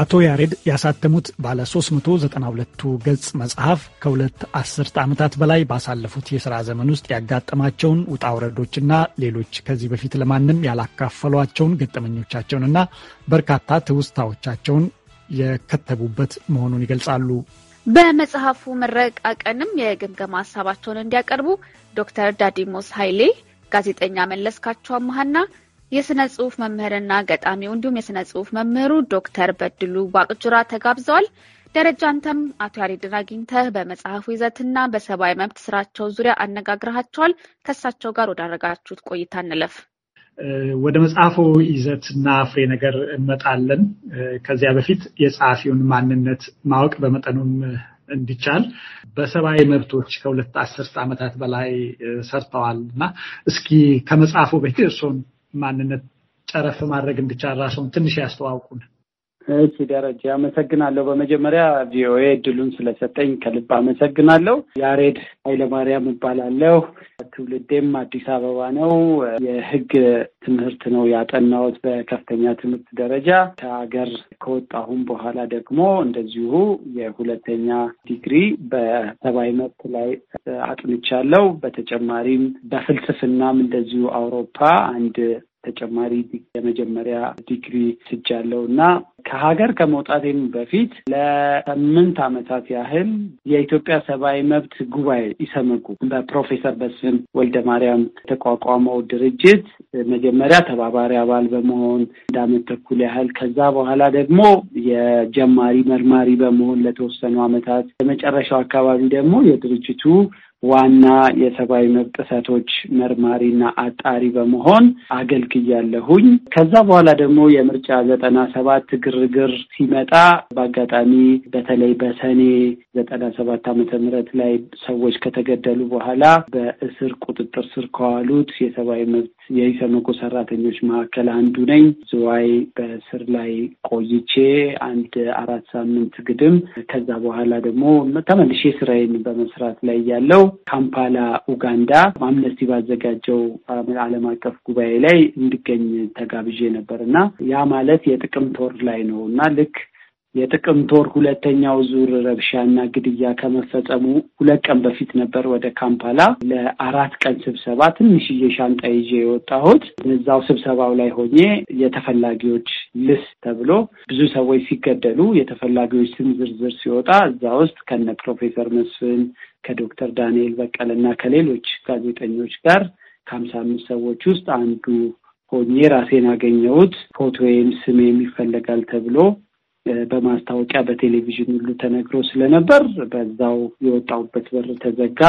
አቶ ያሬድ ያሳተሙት ባለ 392ቱ ገጽ መጽሐፍ ከሁለት አስርተ ዓመታት በላይ ባሳለፉት የሥራ ዘመን ውስጥ ያጋጠማቸውን ውጣ ውረዶችና ሌሎች ከዚህ በፊት ለማንም ያላካፈሏቸውን ገጠመኞቻቸውንና በርካታ ትውስታዎቻቸውን የከተቡበት መሆኑን ይገልጻሉ። በመጽሐፉ ምረቃ ቀንም የግምገማ ሀሳባቸውን እንዲያቀርቡ ዶክተር ዳዲሞስ ኃይሌ፣ ጋዜጠኛ መለስካቸው አመሃና የስነ ጽሁፍ መምህርና ገጣሚው እንዲሁም የስነ ጽሁፍ መምህሩ ዶክተር በድሉ ዋቅጁራ ተጋብዘዋል። ደረጃ አንተም አቶ ያሬድን አግኝተህ በመጽሐፉ ይዘትና በሰብአዊ መብት ስራቸው ዙሪያ አነጋግረሃቸዋል። ከእሳቸው ጋር ወዳረጋችሁት ቆይታ እንለፍ። ወደ መጽሐፉ ይዘትና ፍሬ ነገር እንመጣለን። ከዚያ በፊት የጸሐፊውን ማንነት ማወቅ በመጠኑም እንዲቻል በሰብአዊ መብቶች ከሁለት አስርት ዓመታት በላይ ሰርተዋል እና እስኪ ከመጽሐፉ በፊት እርስዎን ማንነት ጠረፍ ማድረግ እንድቻል ራሱን ትንሽ ያስተዋውቁን። እሺ ደረጀ አመሰግናለሁ። በመጀመሪያ ቪኦኤ እድሉን ስለሰጠኝ ከልብ አመሰግናለሁ። ያሬድ ኃይለማርያም እባላለሁ። ትውልዴም አዲስ አበባ ነው። የህግ ትምህርት ነው ያጠናሁት በከፍተኛ ትምህርት ደረጃ። ከሀገር ከወጣሁም በኋላ ደግሞ እንደዚሁ የሁለተኛ ዲግሪ በሰብአዊ መብት ላይ አጥንቻለሁ። በተጨማሪም በፍልስፍናም እንደዚሁ አውሮፓ አንድ ተጨማሪ የመጀመሪያ ዲግሪ ስጃለው እና ከሀገር ከመውጣቴም በፊት ለስምንት ዓመታት ያህል የኢትዮጵያ ሰብአዊ መብት ጉባኤ ኢሰመጉ በፕሮፌሰር በስም ወልደ ማርያም የተቋቋመው ድርጅት መጀመሪያ ተባባሪ አባል በመሆን አንድ ዓመት ተኩል ያህል ከዛ በኋላ ደግሞ የጀማሪ መርማሪ በመሆን ለተወሰኑ ዓመታት የመጨረሻው አካባቢ ደግሞ የድርጅቱ ዋና የሰብአዊ መብት ጥሰቶች መርማሪና አጣሪ በመሆን አገልግያለሁኝ። ከዛ በኋላ ደግሞ የምርጫ ዘጠና ሰባት ግርግር ሲመጣ በአጋጣሚ በተለይ በሰኔ ዘጠና ሰባት ዓመተ ምህረት ላይ ሰዎች ከተገደሉ በኋላ በእስር ቁጥጥር ስር ከዋሉት የሰብአዊ መብት የኢሰመኮ ሰራተኞች መካከል አንዱ ነኝ። ዝዋይ በስር ላይ ቆይቼ አንድ አራት ሳምንት ግድም ከዛ በኋላ ደግሞ ተመልሼ ስራዬን በመስራት ላይ ያለው ካምፓላ ኡጋንዳ አምነስቲ ባዘጋጀው ዓለም አቀፍ ጉባኤ ላይ እንድገኝ ተጋብዤ ነበር እና ያ ማለት የጥቅምት ወር ላይ ነው እና ልክ የጥቅምት ወር ሁለተኛው ዙር ረብሻና ግድያ ከመፈጸሙ ሁለት ቀን በፊት ነበር ወደ ካምፓላ ለአራት ቀን ስብሰባ ትንሽዬ ሻንጣ ይዤ የወጣሁት። እዛው ስብሰባው ላይ ሆኜ የተፈላጊዎች ልስ ተብሎ ብዙ ሰዎች ሲገደሉ የተፈላጊዎች ስም ዝርዝር ሲወጣ እዛ ውስጥ ከነ ፕሮፌሰር መስፍን ከዶክተር ዳንኤል በቀለና ከሌሎች ጋዜጠኞች ጋር ከሀምሳ አምስት ሰዎች ውስጥ አንዱ ሆኜ ራሴን አገኘሁት። ፎቶዬም ስሜም ይፈለጋል ተብሎ በማስታወቂያ በቴሌቪዥን ሁሉ ተነግሮ ስለነበር በዛው የወጣሁበት በር ተዘጋ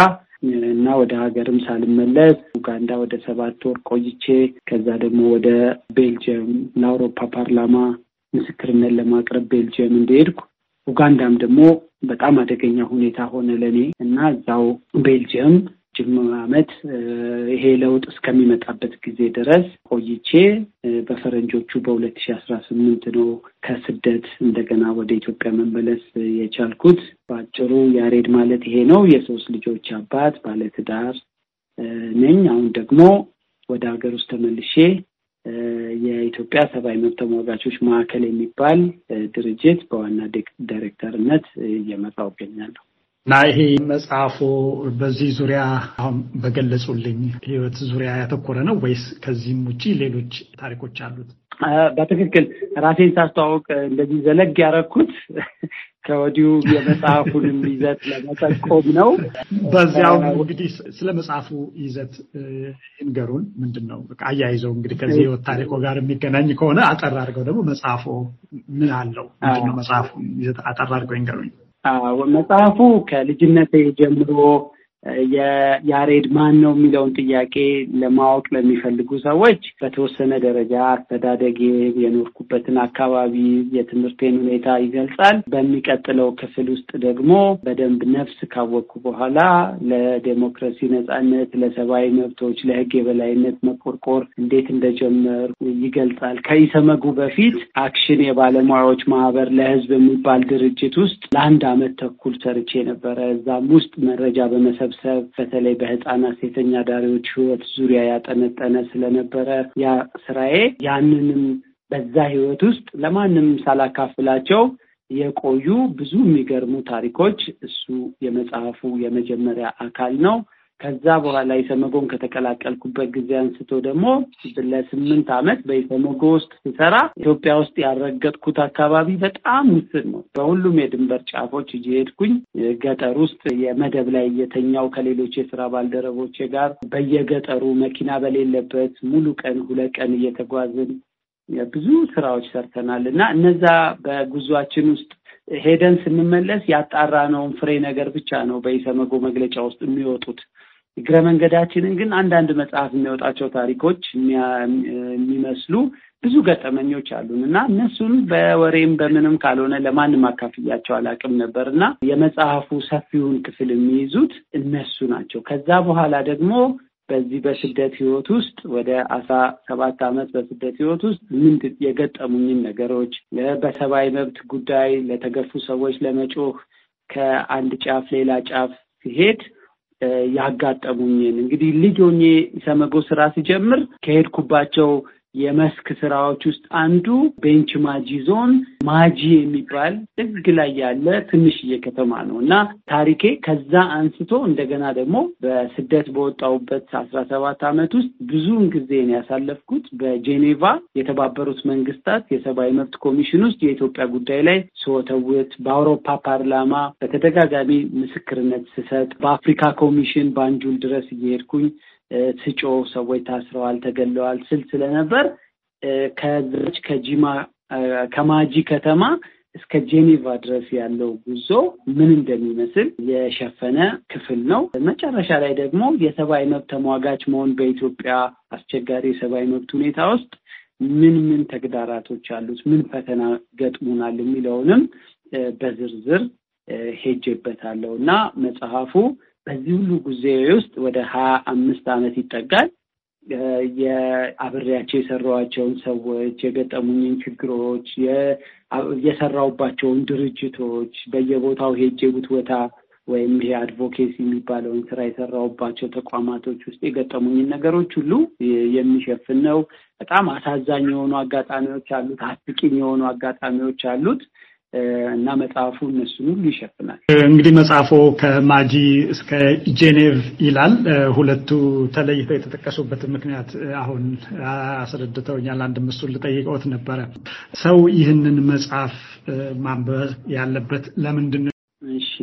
እና ወደ ሀገርም ሳልመለስ ኡጋንዳ ወደ ሰባት ወር ቆይቼ ከዛ ደግሞ ወደ ቤልጅየም ለአውሮፓ ፓርላማ ምስክርነት ለማቅረብ ቤልጅየም እንደሄድኩ ኡጋንዳም ደግሞ በጣም አደገኛ ሁኔታ ሆነ ለእኔ እና እዛው ቤልጅየም ጅምር ዓመት ይሄ ለውጥ እስከሚመጣበት ጊዜ ድረስ ቆይቼ በፈረንጆቹ በሁለት ሺ አስራ ስምንት ነው ከስደት እንደገና ወደ ኢትዮጵያ መመለስ የቻልኩት። በአጭሩ ያሬድ ማለት ይሄ ነው። የሶስት ልጆች አባት ባለትዳር ነኝ። አሁን ደግሞ ወደ ሀገር ውስጥ ተመልሼ የኢትዮጵያ ሰብአዊ መብት ተሟጋቾች ማዕከል የሚባል ድርጅት በዋና ዳይሬክተርነት እየመራሁ እገኛለሁ። እና ይሄ መጽሐፉ በዚህ ዙሪያ አሁን በገለጹልኝ ህይወት ዙሪያ ያተኮረ ነው ወይስ ከዚህም ውጭ ሌሎች ታሪኮች አሉት? በትክክል ራሴን ሳስተዋውቅ እንደዚህ ዘለግ ያደረኩት ከወዲሁ የመጽሐፉንም ይዘት ለመጠቆም ነው። በዚያውም እንግዲህ ስለ መጽሐፉ ይዘት ይንገሩን። ምንድን ነው አያይዘው እንግዲህ ከዚህ ህይወት ታሪኮ ጋር የሚገናኝ ከሆነ አጠር አድርገው ደግሞ መጽሐፉ ምን አለው? ምንድነው መጽሐፉ ይዘት አጠር አድርገው ይንገሩኝ። መጽሐፉ ከልጅነቴ ጀምሮ ያሬድ ማን ነው የሚለውን ጥያቄ ለማወቅ ለሚፈልጉ ሰዎች በተወሰነ ደረጃ አስተዳደጌ፣ የኖርኩበትን አካባቢ፣ የትምህርቴን ሁኔታ ይገልጻል። በሚቀጥለው ክፍል ውስጥ ደግሞ በደንብ ነፍስ ካወቅኩ በኋላ ለዴሞክራሲ ነጻነት፣ ለሰብአዊ መብቶች፣ ለህግ የበላይነት መቆርቆር እንዴት እንደጀመር ይገልጻል። ከኢሰመጉ በፊት አክሽን የባለሙያዎች ማህበር ለህዝብ የሚባል ድርጅት ውስጥ ለአንድ አመት ተኩል ሰርቼ ነበረ። እዛም ውስጥ መረጃ በመሰብ መሰብሰብ በተለይ በህፃናት ሴተኛ ዳሪዎች ህይወት ዙሪያ ያጠነጠነ ስለነበረ ያ ስራዬ ያንንም በዛ ህይወት ውስጥ ለማንም ሳላካፍላቸው የቆዩ ብዙ የሚገርሙ ታሪኮች እሱ የመጽሐፉ የመጀመሪያ አካል ነው። ከዛ በኋላ ኢሰመጎን ከተቀላቀልኩበት ጊዜ አንስቶ ደግሞ ለስምንት ዓመት በኢሰመጎ ውስጥ ስሰራ ኢትዮጵያ ውስጥ ያረገጥኩት አካባቢ በጣም ውስን ነው። በሁሉም የድንበር ጫፎች እየሄድኩኝ ገጠር ውስጥ የመደብ ላይ እየተኛው ከሌሎች የስራ ባልደረቦቼ ጋር በየገጠሩ መኪና በሌለበት ሙሉ ቀን ሁለት ቀን እየተጓዝን ብዙ ስራዎች ሰርተናል እና እነዛ በጉዟችን ውስጥ ሄደን ስንመለስ ያጣራነውን ፍሬ ነገር ብቻ ነው በኢሰመጎ መግለጫ ውስጥ የሚወጡት። እግረ መንገዳችንን ግን አንዳንድ መጽሐፍ የሚያወጣቸው ታሪኮች የሚመስሉ ብዙ ገጠመኞች አሉን እና እነሱን በወሬም በምንም ካልሆነ ለማንም አካፍያቸው አላቅም ነበር እና የመጽሐፉ ሰፊውን ክፍል የሚይዙት እነሱ ናቸው። ከዛ በኋላ ደግሞ በዚህ በስደት ህይወት ውስጥ ወደ አስራ ሰባት ዓመት በስደት ህይወት ውስጥ ምንድ የገጠሙኝን ነገሮች በሰብአዊ መብት ጉዳይ ለተገፉ ሰዎች ለመጮህ ከአንድ ጫፍ ሌላ ጫፍ ሲሄድ ያጋጠሙኝን እንግዲህ ልጅ ሆኜ ኢሰመጎ ስራ ሲጀምር ከሄድኩባቸው የመስክ ስራዎች ውስጥ አንዱ ቤንች ማጂ ዞን ማጂ የሚባል ጥግ ላይ ያለ ትንሽዬ ከተማ ነው እና ታሪኬ ከዛ አንስቶ እንደገና ደግሞ በስደት በወጣሁበት አስራ ሰባት ዓመት ውስጥ ብዙውን ጊዜ ነው ያሳለፍኩት በጄኔቫ የተባበሩት መንግስታት የሰብአዊ መብት ኮሚሽን ውስጥ የኢትዮጵያ ጉዳይ ላይ ስወተውት፣ በአውሮፓ ፓርላማ በተደጋጋሚ ምስክርነት ስሰጥ፣ በአፍሪካ ኮሚሽን በአንጁል ድረስ እየሄድኩኝ ስጮ ሰዎች ታስረዋል፣ ተገለዋል ስል ስለነበር ከዛች ከጂማ ከማጂ ከተማ እስከ ጄኔቫ ድረስ ያለው ጉዞ ምን እንደሚመስል የሸፈነ ክፍል ነው። መጨረሻ ላይ ደግሞ የሰብአዊ መብት ተሟጋች መሆን በኢትዮጵያ አስቸጋሪ የሰብአዊ መብት ሁኔታ ውስጥ ምን ምን ተግዳራቶች አሉት፣ ምን ፈተና ገጥሞናል የሚለውንም በዝርዝር ሄጄበታለሁ እና መጽሐፉ በዚህ ሁሉ ጊዜ ውስጥ ወደ ሀያ አምስት አመት ይጠጋል። የአብሬያቸው የሰራዋቸውን ሰዎች፣ የገጠሙኝን ችግሮች፣ የሰራውባቸውን ድርጅቶች፣ በየቦታው ሄጄ ጉትጎታ ወይም ይሄ አድቮኬሲ የሚባለውን ስራ የሰራውባቸው ተቋማቶች ውስጥ የገጠሙኝን ነገሮች ሁሉ የሚሸፍን ነው። በጣም አሳዛኝ የሆኑ አጋጣሚዎች አሉት። አስቂኝ የሆኑ አጋጣሚዎች አሉት። እና መጽሐፉ እነሱን ሁሉ ይሸፍናል። እንግዲህ መጽሐፉ ከማጂ እስከ ጄኔቭ ይላል። ሁለቱ ተለይተው የተጠቀሱበት ምክንያት አሁን አስረድተውኛል። አንድ እሱን ልጠይቀዎት ነበረ። ሰው ይህንን መጽሐፍ ማንበብ ያለበት ለምንድን ነው? እሺ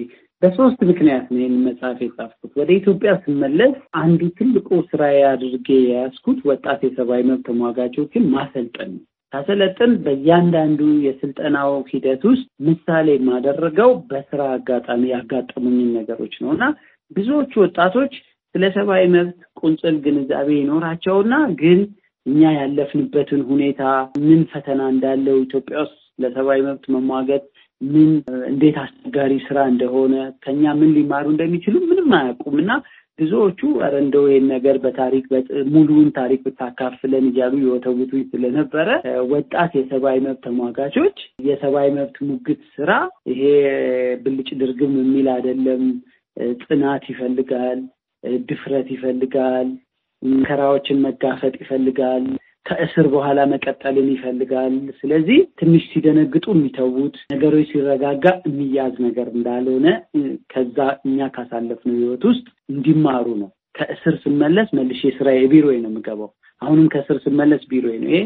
በሶስት ምክንያት ነው ይህን መጽሐፍ የጻፍኩት። ወደ ኢትዮጵያ ስመለስ አንዱ ትልቁ ስራ አድርጌ የያዝኩት ወጣት የሰብአዊ መብት ተሟጋቾችን ማሰልጠን ነው። ሳሰለጥን በእያንዳንዱ የስልጠናው ሂደት ውስጥ ምሳሌ የማደረገው በስራ አጋጣሚ ያጋጠሙኝን ነገሮች ነው እና ብዙዎቹ ወጣቶች ስለ ሰብአዊ መብት ቁንጽል ግንዛቤ ይኖራቸውና ግን እኛ ያለፍንበትን ሁኔታ ምን ፈተና እንዳለው ኢትዮጵያ ውስጥ ለሰብአዊ መብት መሟገት ምን እንዴት አስቸጋሪ ስራ እንደሆነ ከኛ ምን ሊማሩ እንደሚችሉ ምንም አያውቁም እና ብዙዎቹ ኧረ እንደው ይሄን ነገር በታሪክ ሙሉውን ታሪክ ብታካፍለን እያሉ የወተውቱ ስለነበረ ወጣት የሰብአዊ መብት ተሟጋቾች የሰብአዊ መብት ሙግት ስራ ይሄ ብልጭ ድርግም የሚል አይደለም። ጽናት ይፈልጋል፣ ድፍረት ይፈልጋል፣ መከራዎችን መጋፈጥ ይፈልጋል። ከእስር በኋላ መቀጠልን ይፈልጋል። ስለዚህ ትንሽ ሲደነግጡ የሚተዉት ነገሮች ሲረጋጋ የሚያዝ ነገር እንዳልሆነ ከዛ እኛ ካሳለፍነው ህይወት ውስጥ እንዲማሩ ነው። ከእስር ስመለስ መልሼ ስራዬ ቢሮ ነው የምገባው። አሁንም ከእስር ስመለስ ቢሮ ነው። ይሄ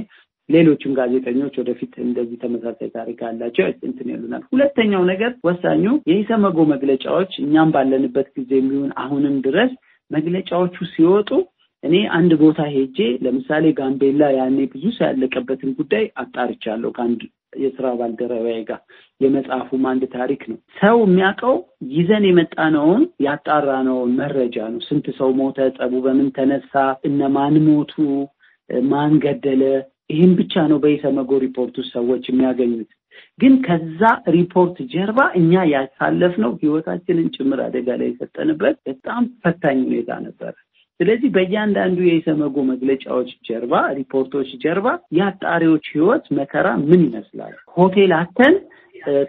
ሌሎችም ጋዜጠኞች ወደፊት እንደዚህ ተመሳሳይ ታሪክ ያላቸው እንትን ይሉናል። ሁለተኛው ነገር ወሳኙ የኢሰመጎ መግለጫዎች እኛም ባለንበት ጊዜ የሚሆን አሁንም ድረስ መግለጫዎቹ ሲወጡ እኔ አንድ ቦታ ሄጄ ለምሳሌ ጋምቤላ ያኔ ብዙ ሰው ያለቀበትን ጉዳይ አጣርቻለሁ ከአንድ የስራ ባልደረባዬ ጋር የመጽሐፉም አንድ ታሪክ ነው። ሰው የሚያውቀው ይዘን የመጣነውን ያጣራነውን መረጃ ነው። ስንት ሰው ሞተ፣ ጸቡ በምን ተነሳ፣ እነማን ሞቱ፣ ማን ገደለ፣ ይህም ብቻ ነው በኢሰመጎ ሪፖርት ውስጥ ሰዎች የሚያገኙት። ግን ከዛ ሪፖርት ጀርባ እኛ ያሳለፍነው ህይወታችንን ጭምር አደጋ ላይ የሰጠንበት በጣም ፈታኝ ሁኔታ ነበረ። ስለዚህ በእያንዳንዱ የኢሰመጎ መግለጫዎች ጀርባ፣ ሪፖርቶች ጀርባ የአጣሪዎች ህይወት መከራ ምን ይመስላል ሆቴል አተን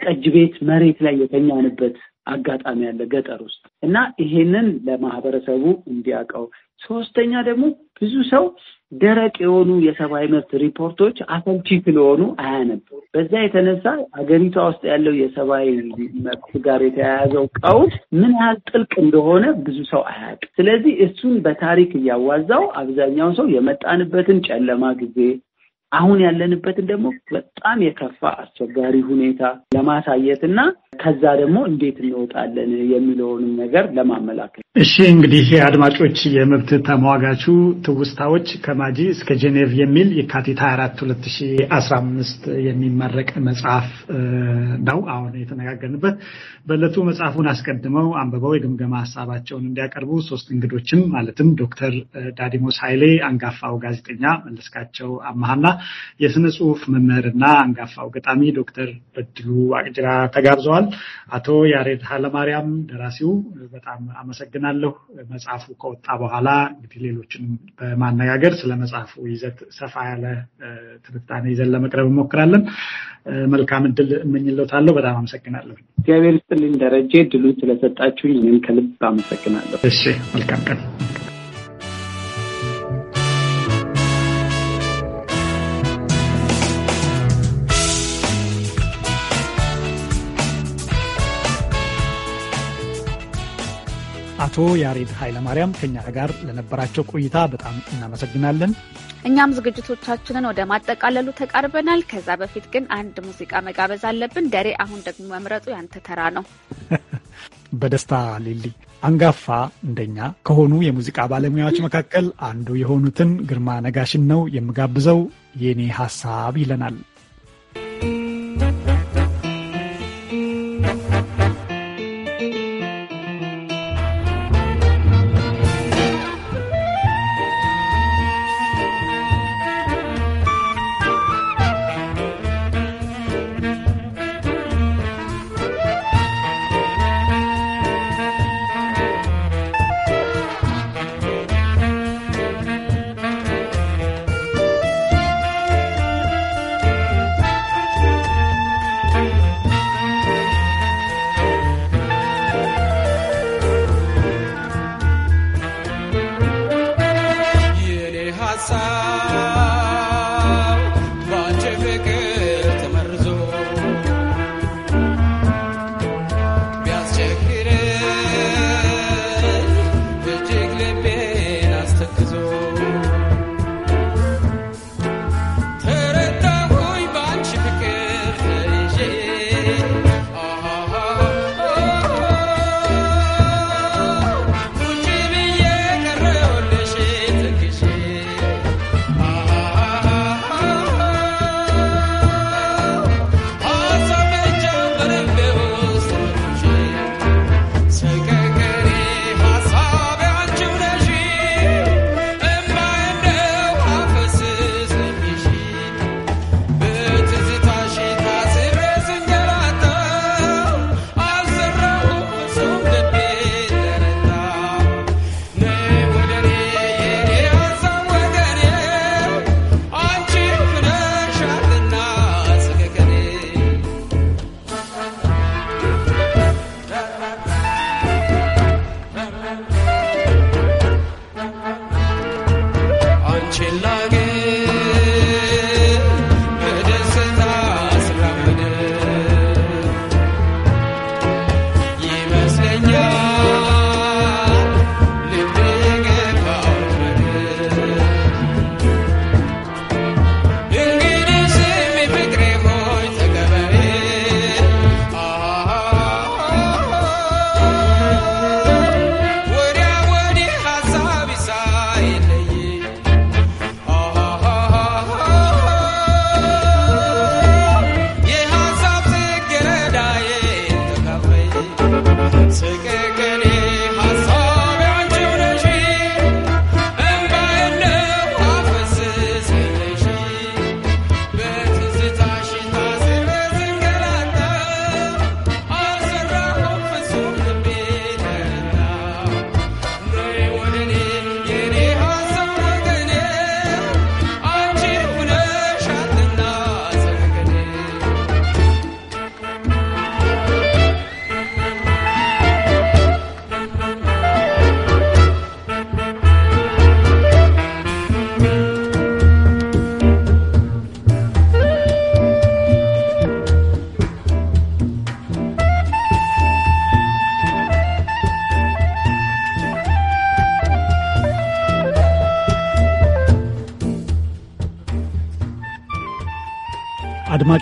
ጠጅ ቤት መሬት ላይ የተኛንበት አጋጣሚ ያለ ገጠር ውስጥ እና ይሄንን ለማህበረሰቡ እንዲያውቀው ሶስተኛ ደግሞ ብዙ ሰው ደረቅ የሆኑ የሰብአዊ መብት ሪፖርቶች አሰልቺ ስለሆኑ አያነብም። በዛ የተነሳ አገሪቷ ውስጥ ያለው የሰብአዊ መብት ጋር የተያያዘው ቀውስ ምን ያህል ጥልቅ እንደሆነ ብዙ ሰው አያውቅም። ስለዚህ እሱን በታሪክ እያዋዛው አብዛኛው ሰው የመጣንበትን ጨለማ ጊዜ አሁን ያለንበትን ደግሞ በጣም የከፋ አስቸጋሪ ሁኔታ ለማሳየት እና ከዛ ደግሞ እንዴት እንወጣለን የሚለውንም ነገር ለማመላከት። እሺ እንግዲህ አድማጮች፣ የመብት ተሟጋቹ ትውስታዎች ከማጂ እስከ ጄኔቭ የሚል የካቲት 24 2015 የሚመረቅ መጽሐፍ ነው አሁን የተነጋገርንበት። በለቱ መጽሐፉን አስቀድመው አንብበው የግምገማ ሀሳባቸውን እንዲያቀርቡ ሶስት እንግዶችም ማለትም ዶክተር ዳዲሞስ ኃይሌ አንጋፋው ጋዜጠኛ መለስካቸው አማሃና የስነ ጽሁፍ መምህርና አንጋፋው ገጣሚ ዶክተር በድሉ አቅጅራ ተጋብዘዋል። ብለዋል። አቶ ያሬድ ኃይለማርያም ደራሲው በጣም አመሰግናለሁ። መጽሐፉ ከወጣ በኋላ እንግዲህ ሌሎችን በማነጋገር ስለ መጽሐፉ ይዘት ሰፋ ያለ ትንታኔ ይዘን ለመቅረብ እንሞክራለን። መልካም እድል እመኝለታለሁ። በጣም አመሰግናለሁ። እግዚአብሔር ስጥልኝ ደረጀ፣ ድሉን ስለሰጣችሁ ከልብ አመሰግናለሁ። እሺ መልካም ቀን። አቶ ያሬድ ኃይለማርያም ከኛ ጋር ለነበራቸው ቆይታ በጣም እናመሰግናለን። እኛም ዝግጅቶቻችንን ወደ ማጠቃለሉ ተቃርበናል። ከዛ በፊት ግን አንድ ሙዚቃ መጋበዝ አለብን። ደሬ፣ አሁን ደግሞ መምረጡ ያንተ ተራ ነው። *laughs* በደስታ ሊሊ አንጋፋ እንደኛ ከሆኑ የሙዚቃ ባለሙያዎች መካከል አንዱ የሆኑትን ግርማ ነጋሽን ነው የምጋብዘው። የኔ ሀሳብ ይለናል